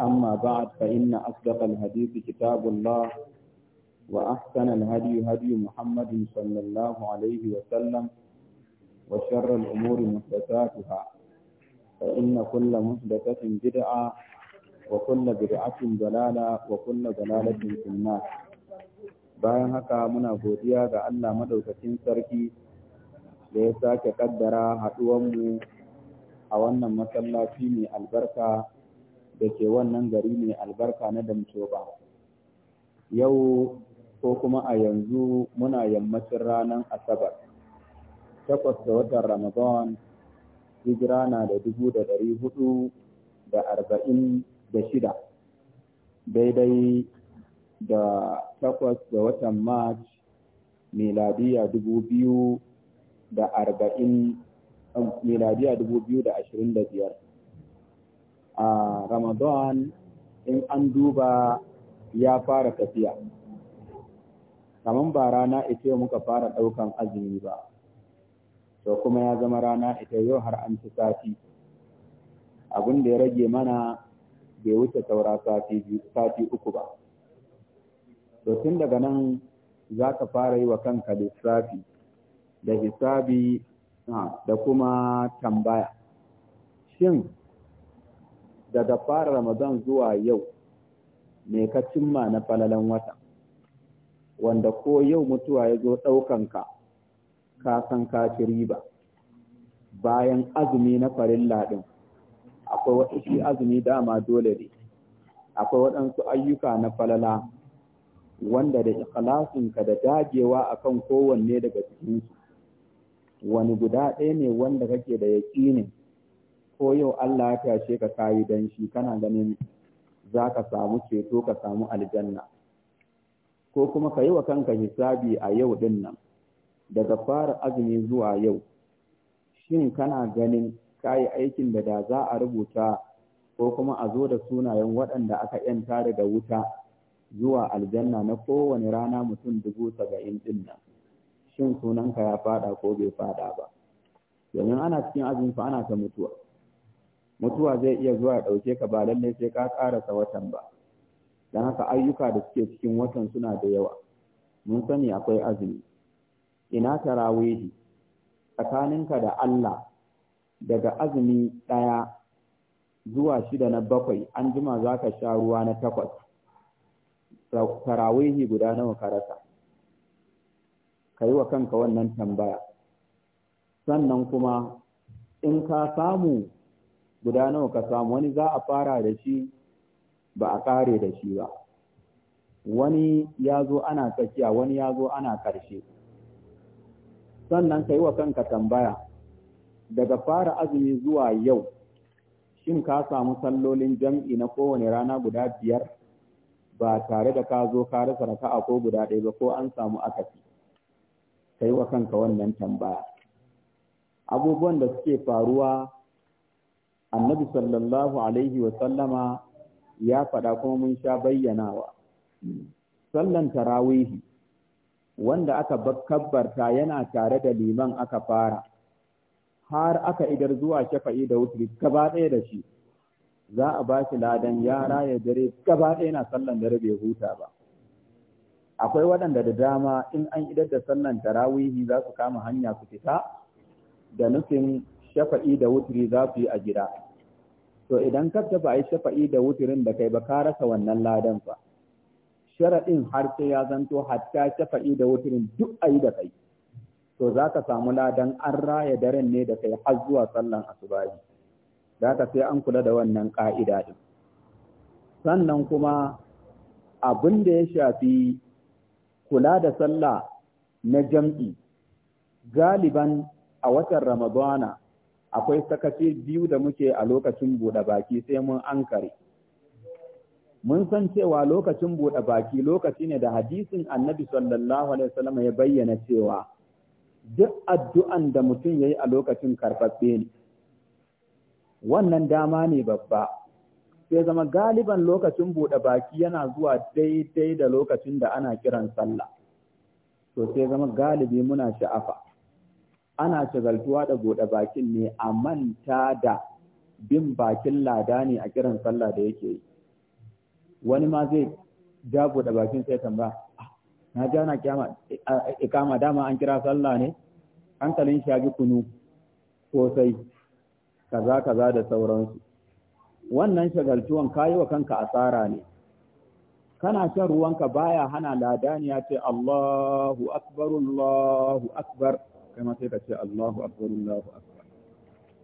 أما بعد فإن أصدق الحديث كتاب الله وأحسن الهدي هدي محمد صلى الله عليه وسلم وشر الأمور محدثاتها فإن كل محدثة بدعة وكل بدعة ضلالة وكل ضلالة في النار bayan haka muna godiya ga Allah madaukakin sarki da ya sake kaddara haɗuwanmu a wannan masallaci mai albarka da ke wannan gari mai albarka na ba yau ko kuma a yanzu muna yammacin ranar asabar takwas da watan ramadan hijira na da dubu da dari hudu da arba'in da shida daidai da takwas da watan march miladiya dubu biyu da arba'in miladiya dubu biyu da ashirin da biyar a ramadan in an duba ya fara tafiya Kaman ba rana ita muka fara ɗaukan azumi ba to kuma ya zama rana ita yau har an ci sati abin da ya rage mana bai wuce saura sati uku ba to tun daga nan za ka fara yi wa kanka lissafi da hisabi da kuma tambaya shin daga fara Ramadan zuwa yau me ka cimma na falalan wata wanda ko yau mutuwa ya zo ɗaukanka ka san ka ci riba bayan azumi na farilla ɗin akwai wasu shi azumi dama dole ne akwai waɗansu ayyuka na falala wanda da ikhlasinka da dagewa akan kowanne daga cikinsu wani guda ɗaya ne wanda kake da yaƙinin ko yau Allah ya tashe ka kayi dan shi kana ganin za ka samu ceto ka samu aljanna ko kuma ka yi wa kanka hisabi a yau din nan daga fara azumi zuwa yau shin kana ganin kayi aikin da da za a rubuta ko kuma a zo da sunayen waɗanda aka yanta daga wuta zuwa aljanna na kowane rana mutum dubu saba'in din nan shin sunanka ya faɗa ko bai faɗa ba domin ana cikin azumi fa ana ta mutuwa mutuwa zai iya zuwa ya ɗauke ka ba lallai sai ka ƙarasa watan ba don haka ayyuka da suke cikin watan suna da yawa mun sani akwai azumi ina tsakanin tsakaninka da Allah daga azumi ɗaya zuwa shida na bakwai an jima za ka sha ruwa na takwas tarawihi guda nawa ka rasa ka yi wa kanka wannan tambaya sannan kuma in ka samu guda nawa ka samu wani za a fara da shi ba a kare da shi ba wani ya zo ana tsakiya wani ya zo ana karshe sannan ka yi wa kanka tambaya daga fara azumi zuwa yau shin ka samu sallolin jam'i na kowane rana guda biyar ba tare da ka zo ka rasa raka a ko guda ɗaya ba ko an samu akasi ka wa kanka wannan tambaya abubuwan da suke faruwa annabi sallallahu alaihi wa sallama ya faɗa kuma mun sha bayyanawa sallan tarawihi wanda aka kabbarta yana tare da liman aka fara har aka idar zuwa shafa'i da wutri gaba ɗaya da shi za a ba shi ladan yara ya dare gaba ɗaya na sallan dare bai huta ba akwai waɗanda da dama in an idar da sallan tarawihi za su kama hanya su fita da nufin shafa'i da wuturi za su yi a gida to idan ka tafi a yi shafa'i da wuturin da kai ba ka rasa wannan ladan fa sharaɗin har sai ya zanto hatta shafa'i da wuturin duk a yi da kai to za ka samu ladan an raya daren ne da kai har zuwa sallan asubahi za ka sai an kula da wannan ƙa'ida ɗin sannan kuma abin da ya shafi kula da sallah na jam'i galiban a watan ramadana akwai sakafi biyu da muke a lokacin buɗe baki sai mun ankare. Mun san cewa lokacin buɗe baki lokaci ne da hadisin annabi sallallahu alaihi wasallam ya bayyana cewa duk addu'an da mutum ya yi a lokacin karɓaɓɓe ne. Wannan dama ne babba, sai zama galiban lokacin buɗe baki yana zuwa daidai da lokacin da ana kiran sallah. To sai zama galibi muna sha'afa. ana shagaltuwa da buɗe bakin ne a manta da bin bakin lada ne a kiran sallah da yake yi wani ma zai ja buɗe bakin sai tamba ah, na ja na kyama eh, ikama dama an kira sallah ne hankalin shi bi kunu kosai kaza kaza da sauransu wannan shagaltuwan kayi wa kanka asara ne kana shan ruwanka baya hana ladaniya ce Allahu akbar Allahu akbar kai ma sai ka ce Allahu akbar Allahu akbar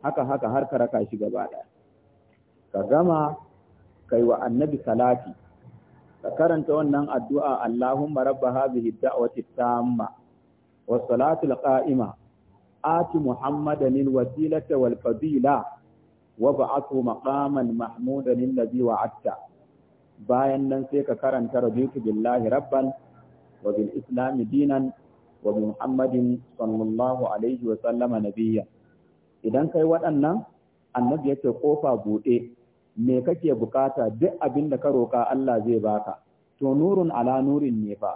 haka haka har ka raka shi gaba daya ka gama kai wa annabi salati ka karanta wannan addu'a Allahumma rabba hadhihi ad-da'wati tamma was salatu al-qa'ima ati Muhammadan al-wasilata wal fadila wa ba'athu maqaman mahmudan alladhi wa'adta bayan nan sai ka karanta raditu billahi rabban wa bil dinan وبمحمد صلى الله عليه وسلم نبيا idan kai waɗannan annabi yace kofa buɗe me kake bukata duk abin da ka roka Allah zai baka to nurun ala nurin ne fa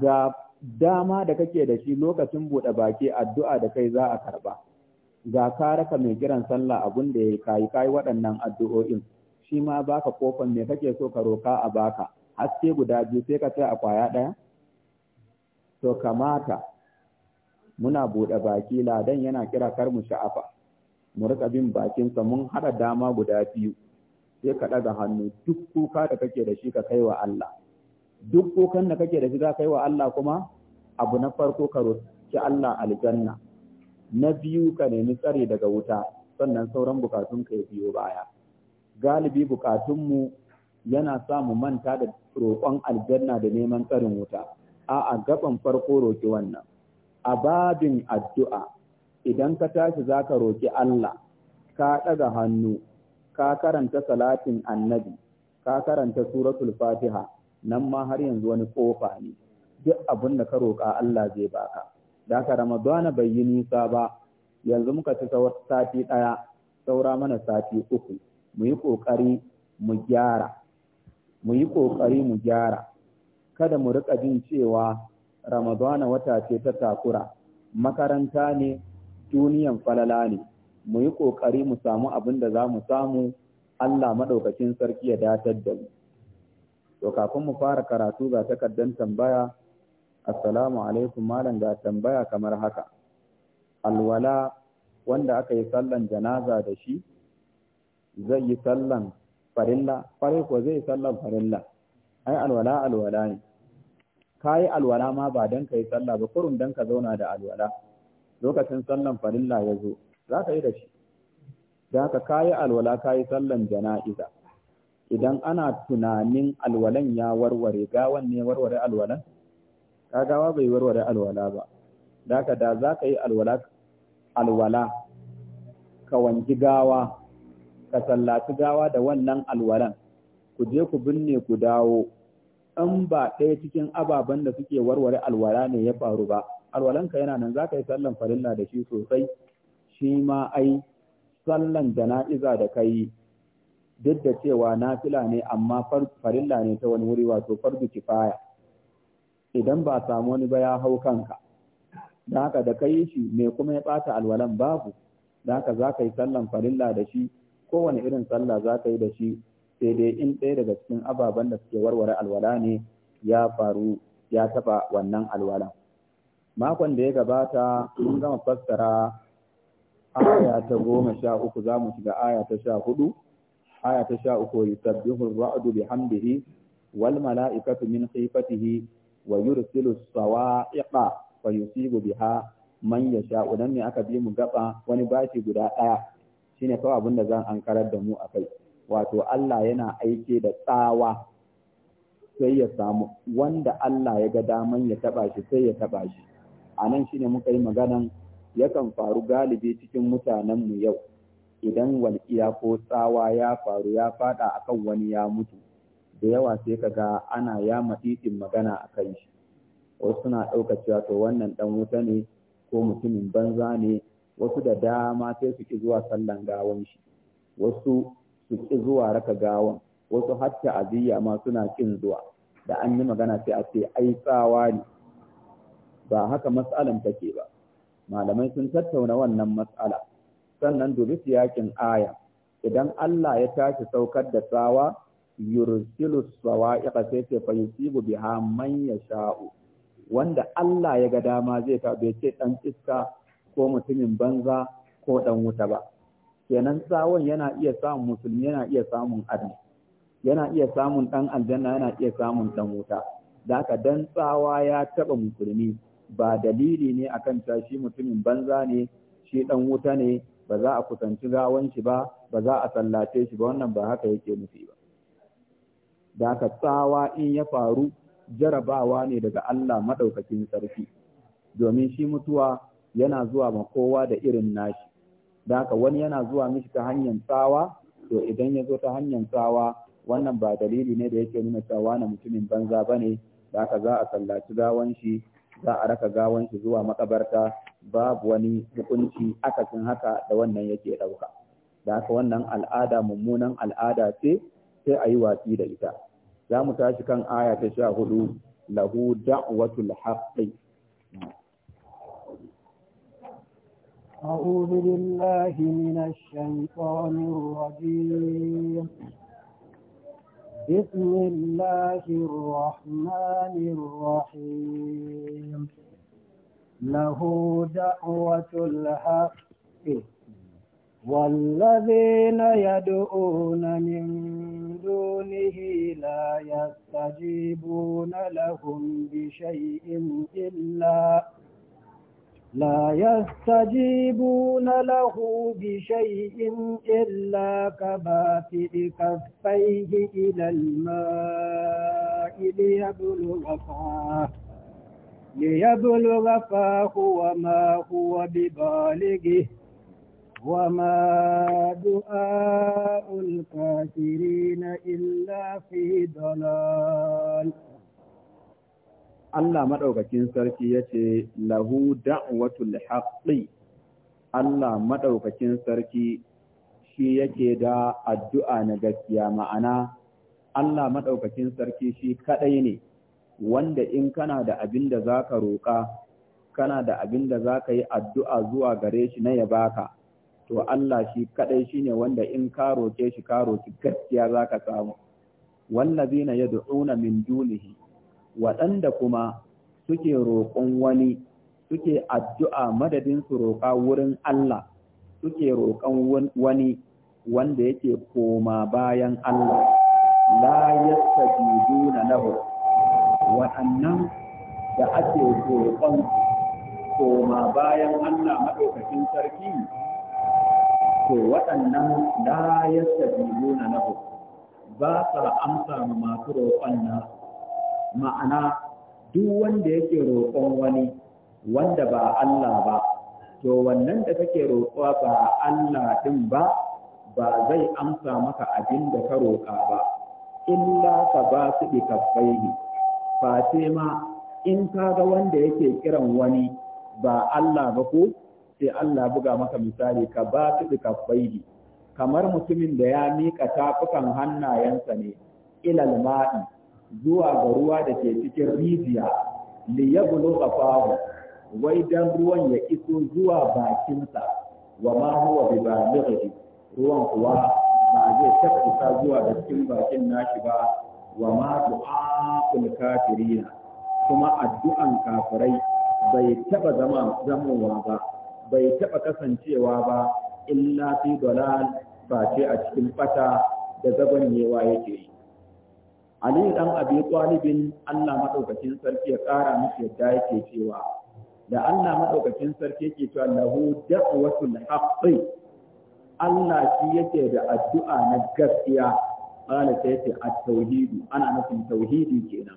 ga dama da kake da shi lokacin buɗe baki addu'a da kai za a karba ga ka mai kiran sallah abun da yayi kai kai waɗannan addu'o'in shi ma baka kofan me kake so ka roka a baka haske guda biyu sai ka tsaya a kwaya ɗaya to kamata muna buɗe baki ladan yana kira kar mu sha'afa mu rika bin bakinsa mun haɗa dama guda biyu sai ka ɗaga hannu duk kuka da kake da shi ka kai wa Allah duk kukan da kake da shi ka kai wa Allah kuma abu na farko ka roki Allah aljanna na biyu ka nemi tsare daga wuta sannan sauran bukatun ka biyo baya galibi bukatunmu yana sa manta da roƙon aljanna da neman tsarin wuta a'a gaban farko roki wannan a babin addu'a idan ka tashi za ka roki Allah ka ɗaga hannu ka karanta salatin annabi ka karanta suratul fatiha nan ma har yanzu wani ƙofa ne duk abin da ka roƙa Allah zai baka da ka ramadana bai yi nisa ba yanzu muka ci sati ɗaya saura mana sati uku mu mu yi ƙoƙari mu gyara kada mu riƙa jin cewa Ramadana wata ce ta takura, makaranta ne, duniyan falala ne, mu yi ƙoƙari mu samu abin da za mu samu Allah maɗaukacin sarki ya datar da mu. To kafin mu fara karatu ga takardar tambaya, Assalamu alaikum malam ga tambaya kamar haka. Alwala wanda aka yi sallan janaza da shi, zai yi sallan farilla, farai kuwa zai yi sallan farilla, ai alwala alwala ne. ka yi alwala ma ba don ka yi sallah ba kurun don ka zauna da alwala lokacin sallan farilla ya zo za ka yi da shi da ka ka yi alwala ka yi sallan jana'iza idan ana tunanin alwalan ya warware gawan ne warware alwalan ka gawa bai warware alwala ba da ka da za ka yi alwala alwala ka wanki gawa ka sallaci gawa da wannan alwalan ku je ku binne ku dawo in ba ɗaya cikin ababen da suke warware alwala ne ya faru ba alwalanka yana nan zaka yi sallan farilla da shi sosai shi ma ai sallan jana'iza da kai duk da cewa nafila ne amma farilla ne ta wani wuri wato fardu kifaya idan ba samu wani ba ya hau kanka da haka da kai shi me kuma ya bata alwalan babu da haka za ka yi sallan farilla da shi kowane irin sallah za ka yi da shi sai dai in ɗaya daga cikin ababen da suke warware alwala ne ya faru ya taɓa wannan alwala. Makon da ya gabata mun gama fassara aya ta goma sha uku za mu shiga aya ta sha hudu, aya ta sha uku yi yusabbihu ra'adu hamdihi wal mala'ikatu min khifatihi wa yursilu sawa'iqa fa yusibu biha man sha dan ne aka bi mu gaba wani bashi guda ɗaya shine kawai abin da zan ankarar da mu a kai wato Allah yana aike da tsawa sai ya samu wanda Allah ya ga daman ya taba shi sai ya taba shi a nan shine muka yi maganan yakan faru galibi cikin mutanenmu yau idan walƙiya ko tsawa ya faru ya fada kan wani ya mutu da yawa sai ka ga ana ya matitin magana a kan shi wasu suna ɗauka cewa to wannan ɗan wuta ne ko mutumin banza ne wasu da dama sai su ki zuwa sallan gawan shi wasu su ƙi zuwa raka gawan wasu hatta aziyya ma suna ƙin zuwa da an yi magana sai a ce ai tsawa ne ba haka mas'alan take ba malamai sun tattauna wannan mas'ala sannan dubi siyakin aya idan Allah ya tashi saukar da tsawa yursilu sawa'iqa sai ce fa yusibu biha man yasha'u wanda Allah ya ga dama zai ta bai ce dan iska ko mutumin banza ko dan wuta ba kenan tsawon yana iya samun musulmi yana iya samun adam yana iya samun dan aljanna yana iya samun dan wuta da haka dan tsawa ya taba musulmi ba dalili ne akan ta shi mutumin banza ne shi dan wuta ne ba za a kusanci gawan shi ba ba za a sallace shi ba wannan ba haka yake nufi ba da haka tsawa in ya faru jarabawa ne daga Allah madaukakin sarki domin shi mutuwa yana zuwa ma kowa da irin nashi da haka wani yana zuwa mishi ta hanyar tsawa to idan ya zo ta hanyar tsawa wannan ba dalili ne da yake nuna cewa na mutumin banza bane da haka za a sallaci gawan shi za a raka gawan shi zuwa makabarta babu wani hukunci akasin haka da wannan yake ɗauka da haka wannan al'ada mummunan al'ada ce sai a yi watsi da ita za mu tashi kan aya ta sha hudu lahu da'watul haqqi أعوذ بالله من الشيطان الرجيم بسم الله الرحمن الرحيم له دعوة الحق والذين يدعون من دونه لا يستجيبون لهم بشيء إلا لا يستجيبون له بشيء إلا كباسئ كفيه إلى الماء ليبلغ فاه ليبلغ فاه وما هو ببالغه وما دعاء الكافرين إلا في ضلال Allah maɗaukakin sarki ya ce, Lahu da'watul haqqi Allah maɗaukakin sarki shi yake da addu'a na gaskiya ma'ana, Allah maɗaukakin sarki shi kaɗai ne, wanda in kana da abin da za ka roƙa, kana da abin da za ka yi addu'a zuwa gare shi na ya baka, to Allah shi kaɗai shi ne wanda in ka roƙe shi ka roƙi gaskiya za ka samu. Wallazina yad'una min dunihi waɗanda kuma suke roƙon wani suke addu'a madadin su roƙa wurin Allah suke roƙon wani wanda yake koma bayan Allah la na nahu. waɗannan da ake roƙon koma bayan Allah maɗaukakin sarki to waɗannan la na nahu. ba sa amsa ma masu roƙon nasu ma'ana duk wanda yake roƙon wani wanda ba Allah ba to wannan da kake roƙuwa ba Allah din ba ba zai amsa maka abin da ka roƙa ba illa ka ba su bi kaffaihi ma in ka ga wanda yake kiran wani ba Allah ba ko sai Allah buga maka misali ka ba su bi kamar mutumin da ya miƙa tafukan hannayensa ne ilal ma'i zuwa ga ruwa da ke cikin rijiya li yablu qafahu wai dan ruwan ya iso zuwa bakinsa wa ma huwa bi balighi ruwan kuwa ba zai taɓa isa zuwa da cikin bakin nashi ba wa ma du'a'ul kafirina kuma addu'an kafirai bai taɓa zama zamowa ba bai taɓa kasancewa ba illa fi dalal face a cikin fata da zabanyewa yake yi Ali Ɗan Abi Talibin Allah madaukakin sarki ya kara miki yadda yake cewa da Allah maɗaukacin sarki yake cewa lahu da'watul haqqi Allah shi yake da addu'a na gaskiya qala sai yake at-tauhidu ana nufin tauhidi kenan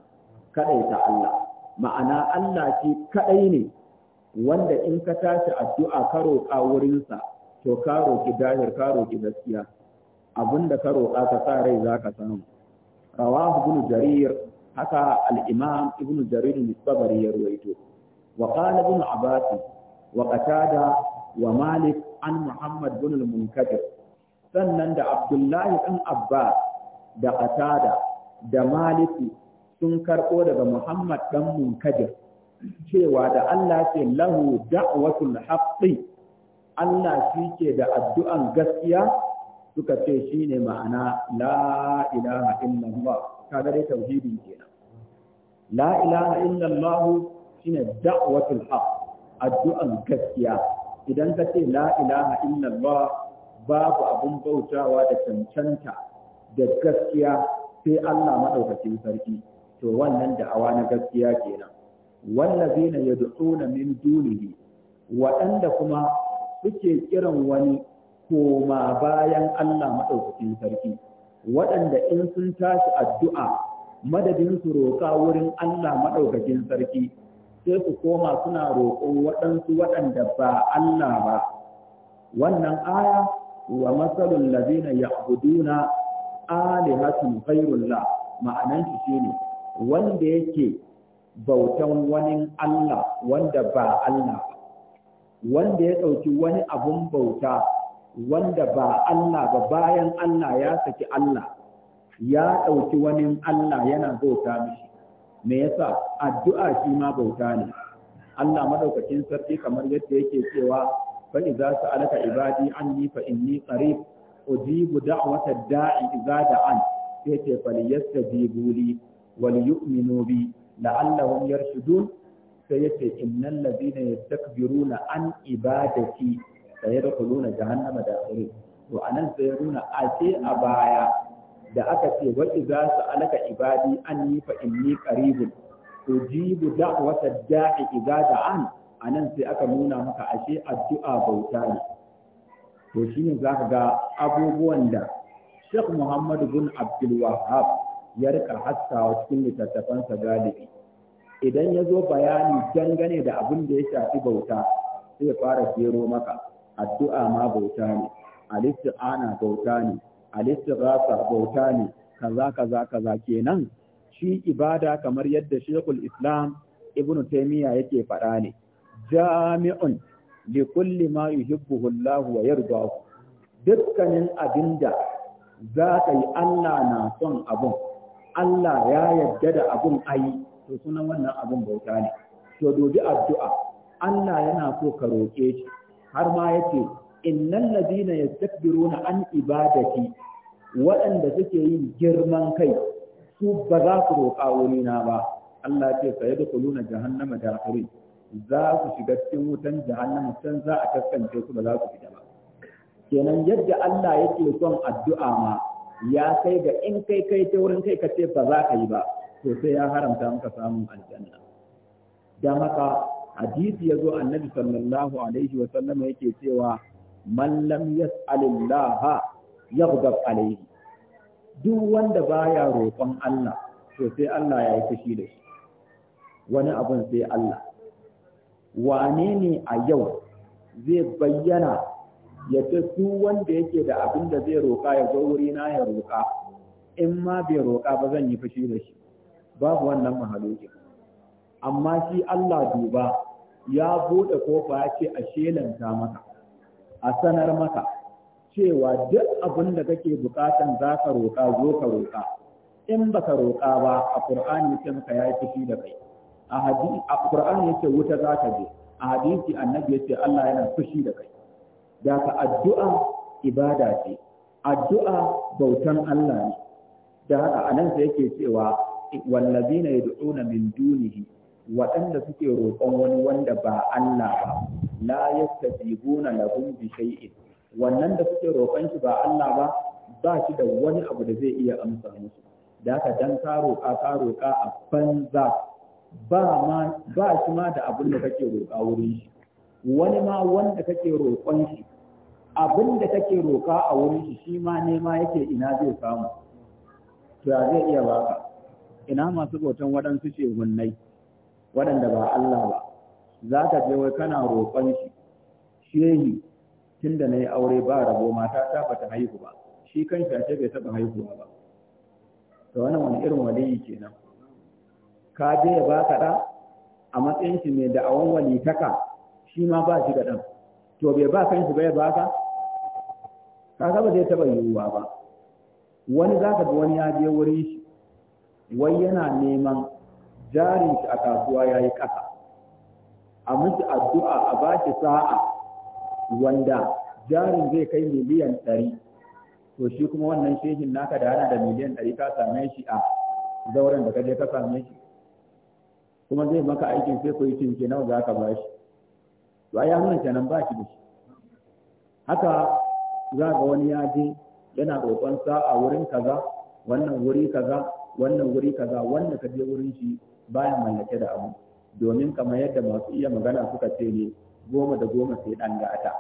kaɗai ta Allah ma'ana Allah shi kaɗai ne wanda in ka tashi addu'a ka roƙa wurinsa to ka roƙi dahir ka roƙi gaskiya abinda ka roƙa ka sa rai za ka samu rawahu ibn jarir haka al-imam ibn jarir al-tabari ya ruwaito wa qala ibn abbas wa qatada wa malik an muhammad ibn al-munkadir sannan da abdullahi ibn abba da qatada da maliki sun karɓo daga Muhammad ɗan Munkadir cewa da Allah ce lahu da'watul haqqi Allah shi ke da addu'an gaskiya suka ce shine ma'ana la illallah kaga dai tauhidin kenan La'ilaha ilaha illallah shine da'watul haqq addu'an gaskiya idan ka ce la'ilaha illallah babu abun bautawa da cancanta da gaskiya sai Allah maɗaukacin sarki to wannan da'awa na gaskiya kenan wallazina yad'una min dunihi waɗanda kuma suke kiran wani koma bayan Allah maɗaukakin sarki waɗanda in sun tashi addu'a madadin su roƙa wurin Allah maɗaukakin sarki sai su koma suna roƙo waɗansu waɗanda ba Allah ba wannan aya wa masalul ladina ya'buduna alihatun ghayrullah ma'anan shi shine wanda yake bautan wani Allah wanda ba Allah wanda ya ɗauki wani abun bauta wanda ba Allah ba bayan Allah ya saki Allah ya ɗauki wani Allah yana bauta mishi me yasa addu'a shi ma bauta ne Allah madaukakin sarki kamar yadda yake cewa fa idza sa'alaka ibadi anni fa inni qarib ujibu da'wata da'i idza da'an sai ce falyastajibu li wal yu'minu bi la'allahum yarshudun sai yace innal ladina yastakbiruna an ibadati sai da kuluna jahannama da akhiri to anan sai ya nuna a a baya da aka ce wa su alaka ibadi anni fa inni qaribun ujibu da'wata da'i an, an anan sai aka nuna maka ashe addu'a bauta ne to shine zaka ga abubuwan da Sheikh Muhammad bin Abdul Wahhab ya rika haskawa cikin littattafansa galibi idan ya zo bayani dangane da abin da ya shafi bauta sai ya fara jero maka addu'a ma bauta ne al bauta ne al bauta ne kaza kaza kaza kenan shi ibada kamar yadda shekul Islam Ibn Taymiyyah yake faɗa ne jami'un li kulli ma yuhibbuhu Allah wa yardahu dukkanin abinda za ka yi Allah na son abun Allah ya yarda da abun ayi to sunan wannan abun bauta ne to dubi addu'a Allah yana so ka roƙe shi har ma yace innal ladina yastakbiruna an ibadati waɗanda suke yin girman kai su ba za su roƙa wurina ba Allah ce fa yadkhuluna jahannama da dakhirin za su shiga cikin wutan jahannama can za a kaskance su ba za su fita ba kenan yadda Allah yake son addu'a ma ya kai ga in kai kai ta wurin kai ka ce ba za ka yi ba to sai ya haramta maka samun aljanna dan haka hadisi ya zo annabi sallallahu alaihi wa sallama yake cewa man lam yas'alillah yaghdab alaihi duk wanda baya roƙon Allah to sai Allah ya yi fushi da shi wani abun sai Allah wane ne a yau zai bayyana ya ce duk wanda yake da abin da zai roƙa ya zo wuri na ya roƙa in ma bai roƙa ba zan yi fushi da shi babu wannan mahaluki amma shi Allah duba ya buɗe kofa ya ce a shelanta maka a sanar maka cewa duk abin da kake bukatan za ka roƙa zo ka roƙa in baka roƙa ba a Qur'ani yake maka ya fi da kai a hadisi a Qur'ani yake wuta za ka je a hadisi annabi yake Allah yana fushi da kai da ka addu'a ibada ce addu'a bautan Allah ne da haka anan sai yake cewa wallazina yad'una min dunihi waɗanda suke roƙon wani wanda ba Allah ba la yastajibuna lahum bi shay'in wannan da suke roƙon shi ba Allah ba ba shi da wani abu da zai iya amsa musu da haka dan ka roƙa ka roƙa a banza ba ma ba shi ma da abin da kake roƙa wurin shi wani ma wanda kake roƙon shi abin da kake roƙa a wurin shi shi ma nema yake ina zai samu to ya zai iya baka ina masu bautan waɗansu shehunnai waɗanda ba Allah ba za ka je wai kana roƙon shi shehi tun da na yi aure ba rabo mata ta bata haihu ba shi kan shi ce bai taɓa haihuwa ba to wannan wani irin waliyi kenan ka je ya baka ɗa a matsayin shi mai wali walitaka shi ma ba shi da ɗan to bai ba kan shi ba ya baka ga ba zai taɓa yiwuwa ba wani za ka ga wani ya je wurin shi wai yana neman jarin shi a kasuwa ya yi ƙasa a miki addu'a a shi sa'a wanda jarin zai kai miliyan ɗari to shi kuma wannan shehin naka da hana da miliyan ɗari ka same shi a zauren da kaje je ka same shi kuma zai maka aikin sai ku yi cinke nawa za ka ba shi to ai hannun kenan ba shi da shi haka za ga wani ya je yana roƙon sa'a wurin kaza wannan wuri kaza wannan wuri kaza wanda ka je wurin shi baya mallake da abu domin kamar yadda masu iya magana suka ce ne goma da goma sai ɗan gata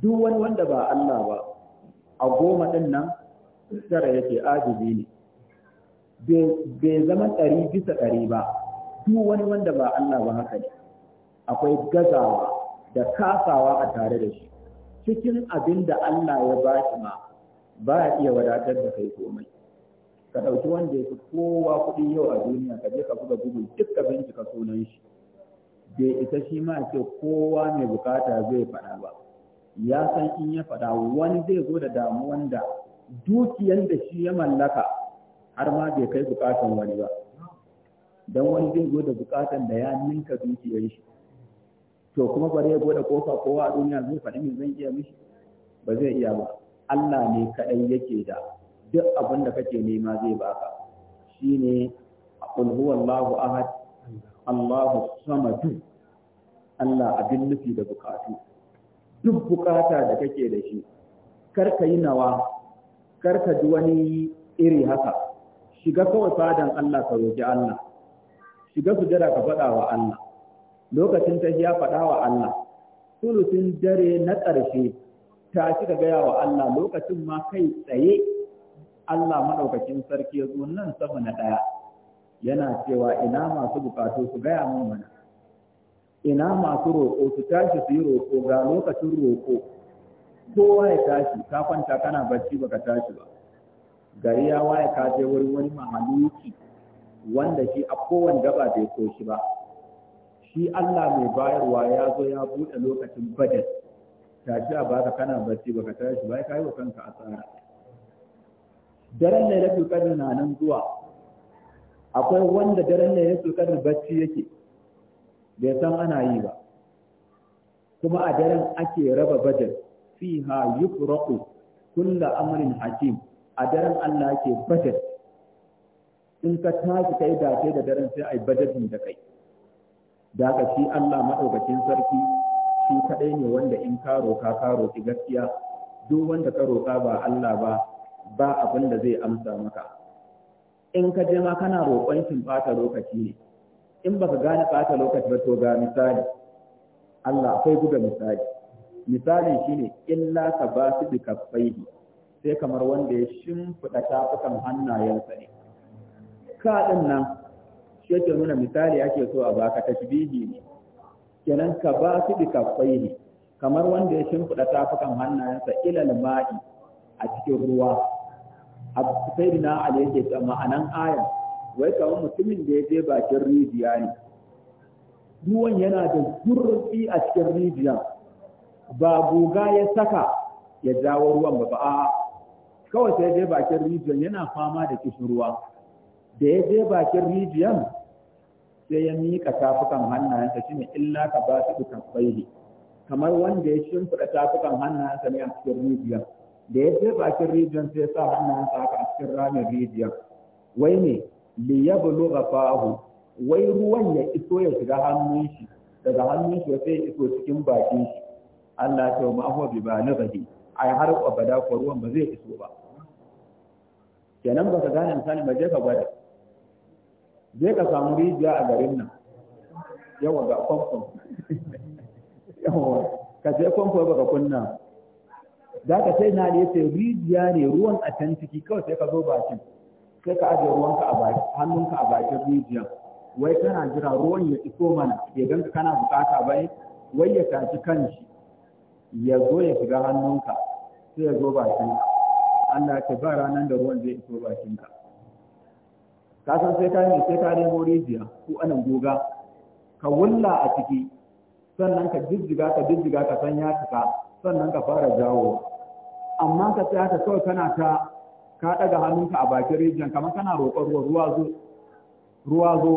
duk wani wanda ba Allah ba a goma din nan tsara yake ajibi ne bai zama ɗari bisa ɗari ba duk wani wanda ba Allah ba haka ne akwai gazawa da kasawa a tare da shi cikin abin da Allah ya ba shi ma ba iya wadatar da kai komai ka ɗauki wanda ya fi kowa kuɗi yau a duniya ka je ka buga bugu duk ka bincika sunan shi bai isa shi ma ce kowa mai bukata zai faɗa ba ya san in ya faɗa wani zai zo da damuwan da dukiyan da shi ya mallaka har ma bai kai bukatan wani ba dan wani zai zo da bukatan da ya ninka dukiyar shi to kuma bari ya bude kofa kowa a duniya zai faɗi min zan iya mishi ba zai iya ba Allah ne kaɗai yake da duk abin da kake nema zai baka shine qul huwallahu ahad Allahu samad Allah abin nufi da bukatu duk bukata da kake da shi kar ka yi nawa kar ka ji wani iri haka shiga kawai fadan Allah ka roki Allah shiga sujada ka faɗa wa Allah lokacin ta ya faɗa wa Allah sulusin dare na ƙarshe ta shi ka gaya wa Allah lokacin ma kai tsaye Allah madaukakin sarki ya zo nan sama na ɗaya yana cewa ina masu bukatu su gaya min mana ina masu roƙo su tashi su yi roƙo ga lokacin roƙo kowa ya tashi ka kwanta kana barci baka tashi ba gari ya waye ka je wuri wani mahaluki wanda shi a kowane gaba bai so shi ba shi Allah mai bayarwa ya zo ya bude lokacin bajet tashi a baka kana barci baka tashi ba ya kai wa kanka asara daren lailatul kadin na nan zuwa akwai wanda daren yake kadin bacci yake bai san ana yi ba kuma a daren ake raba bajet fiha yufraqu kullu amrin hakim a daren Allah yake bajet in ka tashi kai kai da daren sai ai bajetin da kai da ka shi Allah madaukakin sarki shi kadai ne wanda in ka roka ka roki gaskiya duk wanda ka roka ba Allah ba ba abin da zai amsa maka in ka je ma kana roƙon shi ɓata lokaci ne in ba ka gane fata lokaci ba to ga misali Allah akwai buga misali misalin shine illa ka ba su bi sai kamar wanda ya shimfiɗa tafukan hannayensa ne ka nan shi yake nuna misali ake so a baka tasbihi ne kenan ka ba su bi kamar wanda ya shimfiɗa tafukan hannayensa ilal ma'i a cikin ruwa a sayyidina ali yake ta ma'anan ayan wai kawai mutumin da ya je bakin rijiya ne ruwan yana da zurfi a cikin rijiya ba guga ya saka ya jawo ruwan ba ba kawai sai je bakin rijiyar yana fama da kishirwa da ya je bakin rijiyar sai ya mika tafukan hannayensa shine illa ka ba su kamar wanda ya shimfiɗa tafukan hannayensa ne a cikin rijiyar da ya je bakin rijiyar sai sa hannun haka a cikin ramin rijiyar wai ne li yablugha fahu wai ruwan ya iso ya shiga hannun shi daga hannun shi sai ya iso cikin bakin shi Allah ta yi huwa bi balighi ai har abada ko ruwan ba zai iso ba kenan ka gane misali ba je ka gwada je ka samu rijiya a garin nan yawa ga kwamfon yawa ka je kwamfon ka kunna da ka sai na ne sai rijiya ne ruwan a can ciki kawai sai ka zo bakin sai ka ajiye ruwanka a baki hannunka a bakin rijiyar wai kana jira ruwan ya iso mana ya ganka kana bukata bai wai ya tashi shi. ya zo ya shiga hannunka sai ya zo bakinka Allah ya ba ranar da ruwan zai iso bakinka ka san sai ka sai ka nemo rijiya ko anan goga ka wulla a ciki sannan ka jijjiga ka jijjiga ka san ya cika sannan ka fara jawo amma ka tsaya ta kawai kana ta ka daga hannunka a bakin rijiyar kamar kana roƙon ruwa zo ruwa zo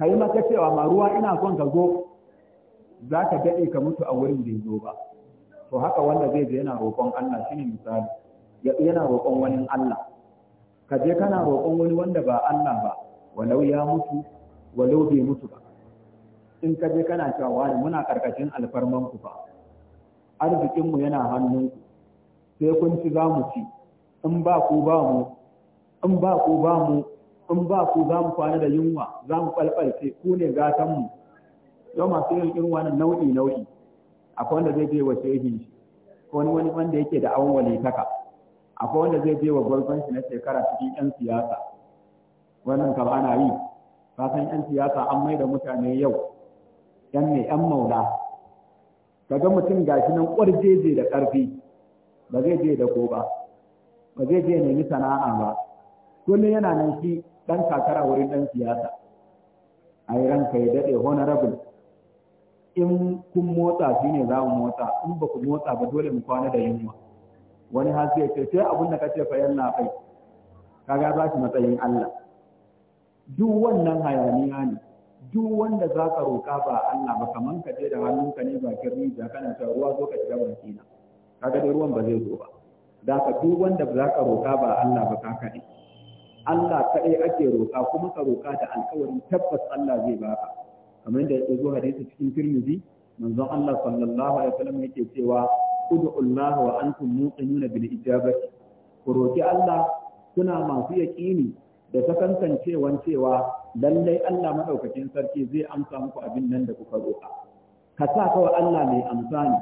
ka yi maka cewa ma ruwa ina son ka zo za ka daɗe ka mutu a wurin bai zo ba to haka wanda zai je yana roƙon Allah shine misali yana roƙon wani Allah ka je kana roƙon wani wanda ba Allah ba walau ya mutu walau bai mutu ba in ka je kana cewa wani muna ƙarƙashin alfarman ku arzikinmu yana hannunku sai kun ci za mu ci in ba ku ba mu in ba ku ba mu in ba ku za mu kwana da yunwa za mu falfalce ku ne gatanmu yau masu yin irin wannan nau'i nau'i akwai wanda zai je wa shehin shi ko wani wanda yake da awon taka akwai wanda zai je wa gwarzon shi na shekara cikin yan siyasa wannan kaba ana yi ka san yan siyasa an mai da mutane yau yan ne yan maula Ka ga mutum gashi nan jeje da ƙarfi, ba zai je da ko ba ba zai je nemi sana'a ba kullum yana nan shi ɗan kakara wurin ɗan siyasa a yi ranka ya daɗe honorable in kun motsa shi ne za mu motsa in ba ku motsa ba dole mu kwana da yunwa wani har zai ce sai abin da kace fa na kai kaga ba shi matsayin Allah duk wannan hayaniya ne duk wanda za ka roƙa ba Allah ba kaman ka je da hannunka ne bakin rija kana cewa ruwa zo ka shiga na kaga dai ruwan ba zai zo ba da ka duk wanda za ka roƙa ba Allah ba ka kaɗai Allah kaɗai ake roƙa kuma ka roƙa da alƙawarin tabbas Allah zai ba ka, kamar yadda ya zo hadisi cikin Tirmidhi manzon Allah sallallahu alaihi wasallam yake cewa ud'ullaha wa antum muqinuna bil ijabati ku roki Allah kuna masu yaƙini da sakankancewan cewa lallai Allah madaukakin sarki zai amsa muku abin nan da kuka roƙa ka sa kawai Allah mai amsa ne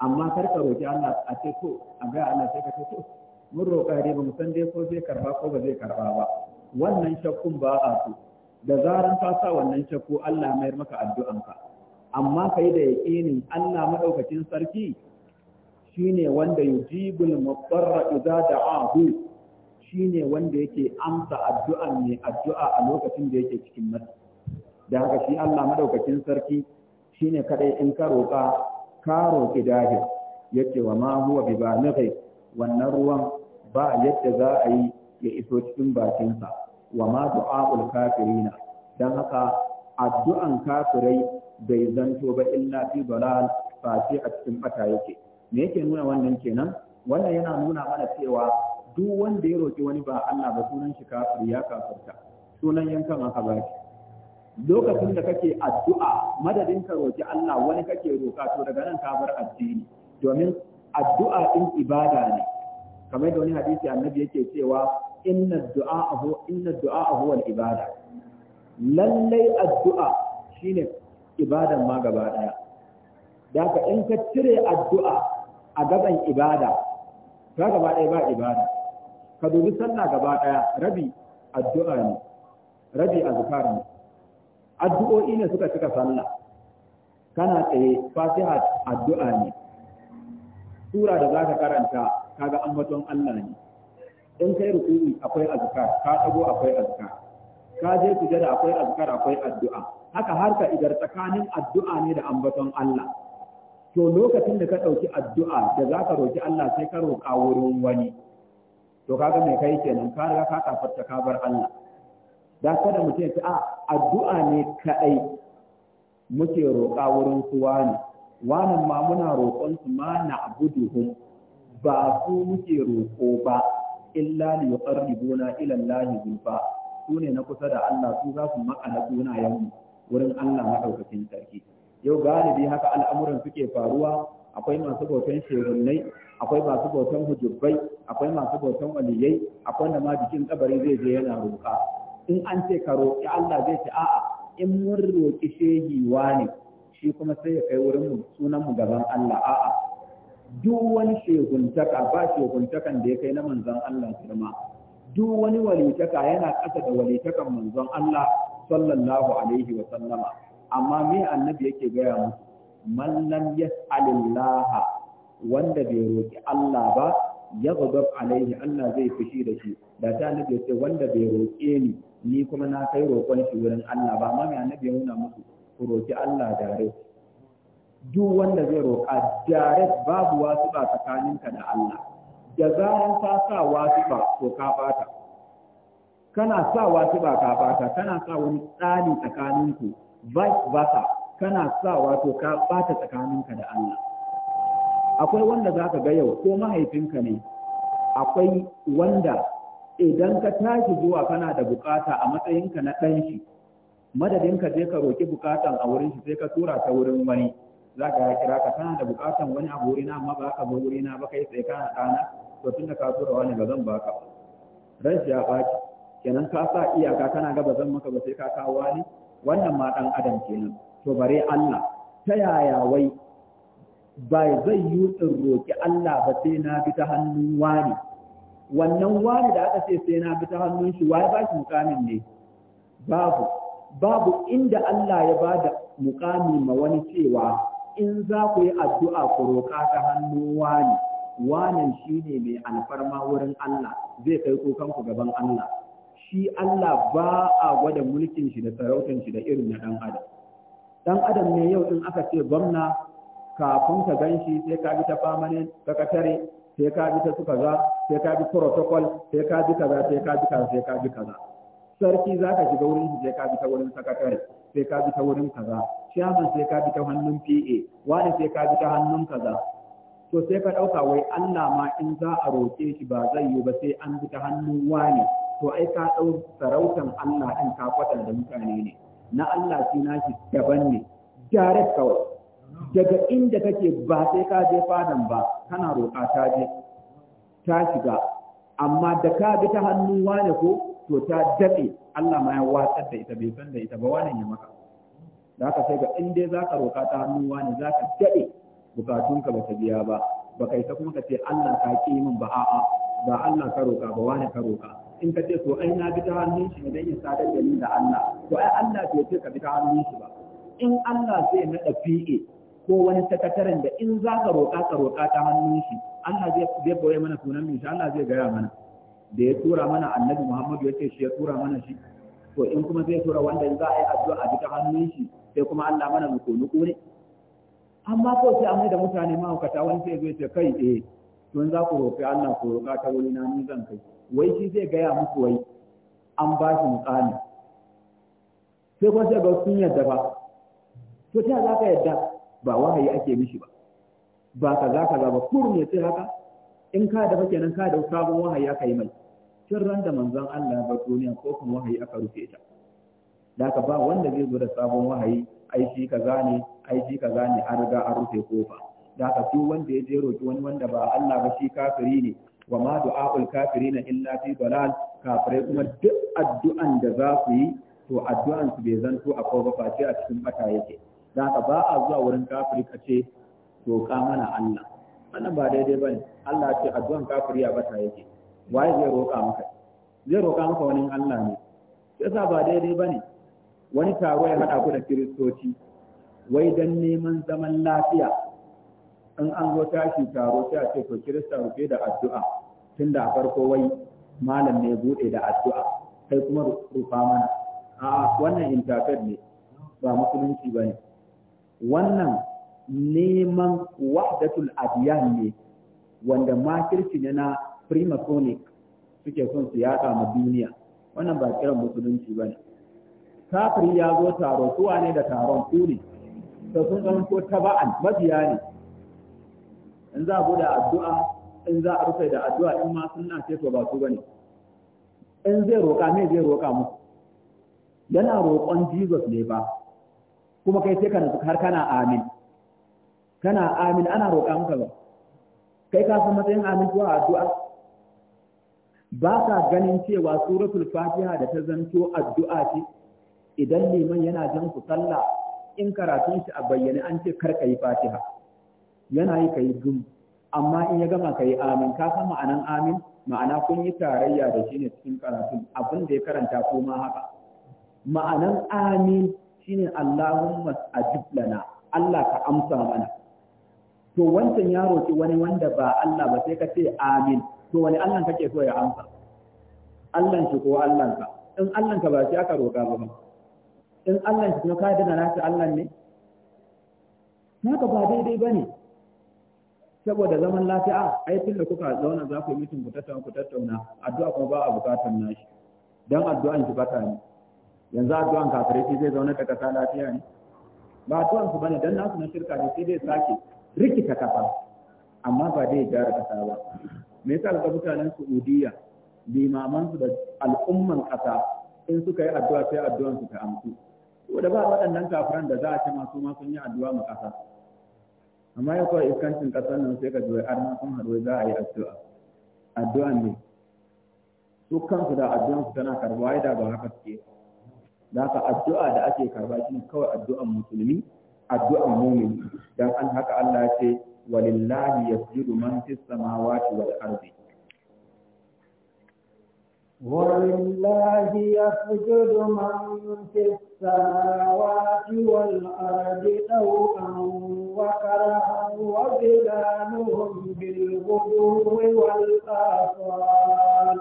amma kar ka roƙi Allah a ce to a ga Allah sai ka ce to mun roƙa dai ba mu san dai ko zai karba ko ba zai karba ba wannan shakkun ba a so da zaran ka sa wannan shakku Allah mayar maka addu'anka amma kai da yaƙinin Allah madaukakin sarki shine wanda yujibul mudarra idza da'ahu shine wanda yake amsa addu'a ne addu'a a lokacin da yake cikin matsi da haka shi Allah madaukakin sarki shine kadai in ka roƙa ka roƙi dahi yace wa ma huwa bi balighi wannan ruwan ba yadda za a yi ya iso cikin bakinsa wa ma du'a'ul kafirina dan haka addu'an kafirai bai zanto ba illa fi dalal fati a cikin bata yake me yake nuna wannan kenan wannan yana nuna mana cewa duk wanda ya roƙi wani ba Allah ba sunan shi kafir ya kafirta sunan yankan aka ba shi lokacin da kake addu'a madadin ka roƙi Allah wani kake roƙa to daga nan ka bar addini domin addu'a din ibada ne kamar da wani hadisi annabi yake cewa inna du'a inna du'a huwa wal ibada lallai addu'a shine ibadan ma gaba daya da ka in ka cire addu'a a gaban ibada ta gaba ɗaya ba ibada ka dubi sallah gaba ɗaya rabi addu'a ne rabi azkar ne addu'o'i ne suka cika sallah kana tsaye fatiha addu'a ne sura da zaka karanta kaga ambaton Allah ne in kai ruku'i akwai azkar ka dago akwai azkar ka je da akwai azkar akwai addu'a haka har ka idar tsakanin addu'a ne da ambaton Allah to lokacin da ka dauki addu'a da zaka roki Allah sai ka roka wurin wani to kaga mai kai kenan ka riga ka kafarta ka bar Allah da kada mu ce a addu'a ne kadai muke roƙa wurin su wani wannan ma muna roƙon su ma na abuduhum ba su muke roƙo ba illa li yuqarribuna ila Allah zulfa su ne na kusa da Allah su za su suna sunayen wurin Allah madaukakin sarki yau galibi haka al'amuran suke faruwa akwai masu bautan shehunnai akwai masu bautan hujubbai akwai masu bautan waliyai akwai da ma jikin kabari zai je yana roƙa in an ce ka roƙi Allah zai ce a'a in mun roƙi shehi ne shi kuma sai ya kai wurin sunan mu gaban Allah a'a duk wani shehuntaka ba shehuntakan da ya kai na manzon Allah girma duk wani walitaka yana ƙasa da walitakan manzon Allah sallallahu alaihi wa sallama amma me annabi yake gaya musu man lam yas'alillah wanda bai roki Allah ba yaghdab alaihi Allah zai fushi da shi da ta nabi sai wanda bai roƙe ni ni kuma na kai roƙon shi wurin Allah ba amma mai nabi nuna musu ku roƙi Allah dare duk wanda zai roƙa dare babu wasu ba tsakaninka da Allah da zaran ka sa wasu ba to ka bata kana sa wasu ba ka bata kana sa wani tsani tsakaninku vice versa kana sa wato ka bata tsakaninka da Allah akwai wanda zaka ga yau ko mahaifinka ne akwai wanda idan ka tashi zuwa kana da bukata a matsayinka na ɗan shi madadin ka je ka roki bukatan a wurin shi sai ka tura ta wurin wani zaka ya kira ka kana da bukatan wani abu wurina amma ba ka zo wurina ba kai sai kana ɗana to tunda ka tura wani ba zan baka ba ya ɓaci kenan ka sa iyaka kana ga ba zan maka ba sai ka kawo wani wannan ma ɗan adam kenan to bare Allah ta yaya wai ba zai yi in roƙi Allah ba sai na bi ta hannun wani wannan wani da aka ce sai na bi ta hannun shi wai ba shi mukamin ne babu babu inda Allah ya ba da mukami ma wani cewa in za ku yi addu'a ku roƙa ta hannun wani wanan shine mai alfarma wurin Allah zai kai ku gaban Allah shi Allah ba a gwada mulkin shi da sarautan shi da irin na ɗan adam dan adam ne yau din aka ce gwamna kafin ka ganshi sai ka bi ta famanin sakatare sai ka bi ta su kaza sai ka bi protocol sai ka bi kaza sai ka bi kaza sai ka bi kaza sarki za ka shiga wurin shi sai ka bi ta wurin sakatare sai ka bi ta wurin kaza shaman sai ka bi ta hannun PA wani sai ka bi ta hannun kaza to sai ka ɗauka wai Allah ma in za a roƙe shi ba zai yi ba sai an bi ta hannun wani to ai ka ɗau sarautan Allah ɗin ka da mutane ne na Allah shi nashi daban ne direct kawai daga inda kake ba sai ka je fadan ba kana roƙa ta je ta shiga amma da ka bi ta hannu wane ko to ta daɗe Allah ma ya watsar da ita bai san da ita ba wane ne maka da haka sai ga inda za ka roƙa ta hannu wane za ka daɗe bukatunka ba ta biya ba ba kai ta kuma ka ce Allah ka ƙi min ba a'a ba Allah ka roƙa ba wane ka roƙa in ka ce to ai na bi ta hannun shi ne dan in sadar da ni da Allah to ai Allah bai ce ka bi ta hannun shi ba in Allah zai nada fi'i ko wani sakataren da in za ka roƙa ka roƙa ta hannun shi Allah zai zai boye mana sunan min Allah zai gaya mana da ya tura mana Annabi Muhammad ya ce shi ya tura mana shi to in kuma zai tura wanda in za a yi addu'a a bi ta hannun shi sai kuma Allah mana mu ko ne amma ko sai amma da mutane mahaukata wani sai zai ce kai eh to in za ku roƙi Allah ku roƙa ta wani na ni zan kai wai shi zai gaya musu wai an ba shi muƙami sai kuma sai sun yadda ba to ta za ka yadda ba wahayi ake mishi ba ba ka za ka ba kur ne sai haka in ka da kenan ka da sabon wahayi aka yi mai tun ran da manzon Allah ba duniya ko kuma wahayi aka rufe ta da ka ba wanda zai zo da sabon wahayi ai shi ka gane ai shi ka gane an riga an rufe kofa da ka duk wanda ya je roki wani wanda ba Allah ba shi kafiri ne wa ma du'a'ul kafirina illa fi dalal kafirai kuma duk addu'an da za su yi to addu'an su bai zanto a kawo ba face a cikin bata yake dan haka ba a zuwa wurin kafiri ka ce to ka mana Allah wannan ba daidai bane Allah ce addu'an kafiri a bata yake waye zai roƙa maka zai roƙa maka wani Allah ne yasa ba daidai bane wani taro ya haɗa ku da kiristoci wai dan neman zaman lafiya in an zo tashi taro sai a ce to kirista rufe da addu'a tunda a farko wai malam ne bude da addu'a sai kuma rufa mana a'a wannan intafet ne ba musulunci bane wannan neman wahdatul adiyan ne wanda makirci ne na primatonic suke son su yaɗa ma duniya wannan ba kiran musulunci bane kafiri ya zo taro suwa ne da taron ku ne sun zama taba'an mabiya ne in za a bude addu'a in za a rufe da addu'a in ma sunna ce to ba su bane in zai roƙa me zai roƙa musu yana roƙon Jesus ne ba kuma kai sai ka nufi har kana amin kana amin ana roƙa muka ba kai ka san matsayin amin ko addu'a ba ka ganin cewa suratul fatiha da ta zanto addu'a ce idan liman yana jan ku sallah in karatun shi a bayyane an ce kar ka yi fatiha yana yi ka yi gum amma in ya gama ka yi amin ka san ma'anan amin ma'ana kun yi tarayya da shi ne cikin karatun abin da ya karanta ko ma haka ma'anan amin shine Allahumma ajib lana Allah ka amsa mana to wancan ya roki wani wanda ba Allah ba sai ka ce amin to wani Allah kake so ya amsa Allah shi ko Allah ka in Allah ka ba shi aka roka ba in Allah shi kuma ka da na shi Allah ne haka ba daidai bane saboda zaman lafiya ai tun da kuka zauna za ku yi mutum ku tattauna addu'a kuma ba a bukatar nashi dan addu'an ki bata ne yanzu addu'an kafirai zai zauna ta kasa lafiya ne ba addu'an su bane dan nasu na shirka ne sai dai sake rikita kasa amma ba dai gyara kasa ba me yasa ga mutanen Saudiya limaman su da al'umman kasa in suka yi addu'a sai addu'an su ta amsu saboda ba waɗannan kafiran da za a ce masu ma sun yi addu'a ma kasa amma ya kawai iskancin ƙasar nan sai ka ji har arna sun haɗu za a yi addu'a addu'a ne su kansu da addu'an su tana karɓa ai da ba haka suke da haka addu'a da ake karɓa shi kawai addu'an musulmi addu'an mumin dan an haka Allah ya ce walillahi yasjudu man fis samawati wal ardi ولله يسجد من في السماوات والأرض طوعا وكرها وظلالهم بالغدو والآصال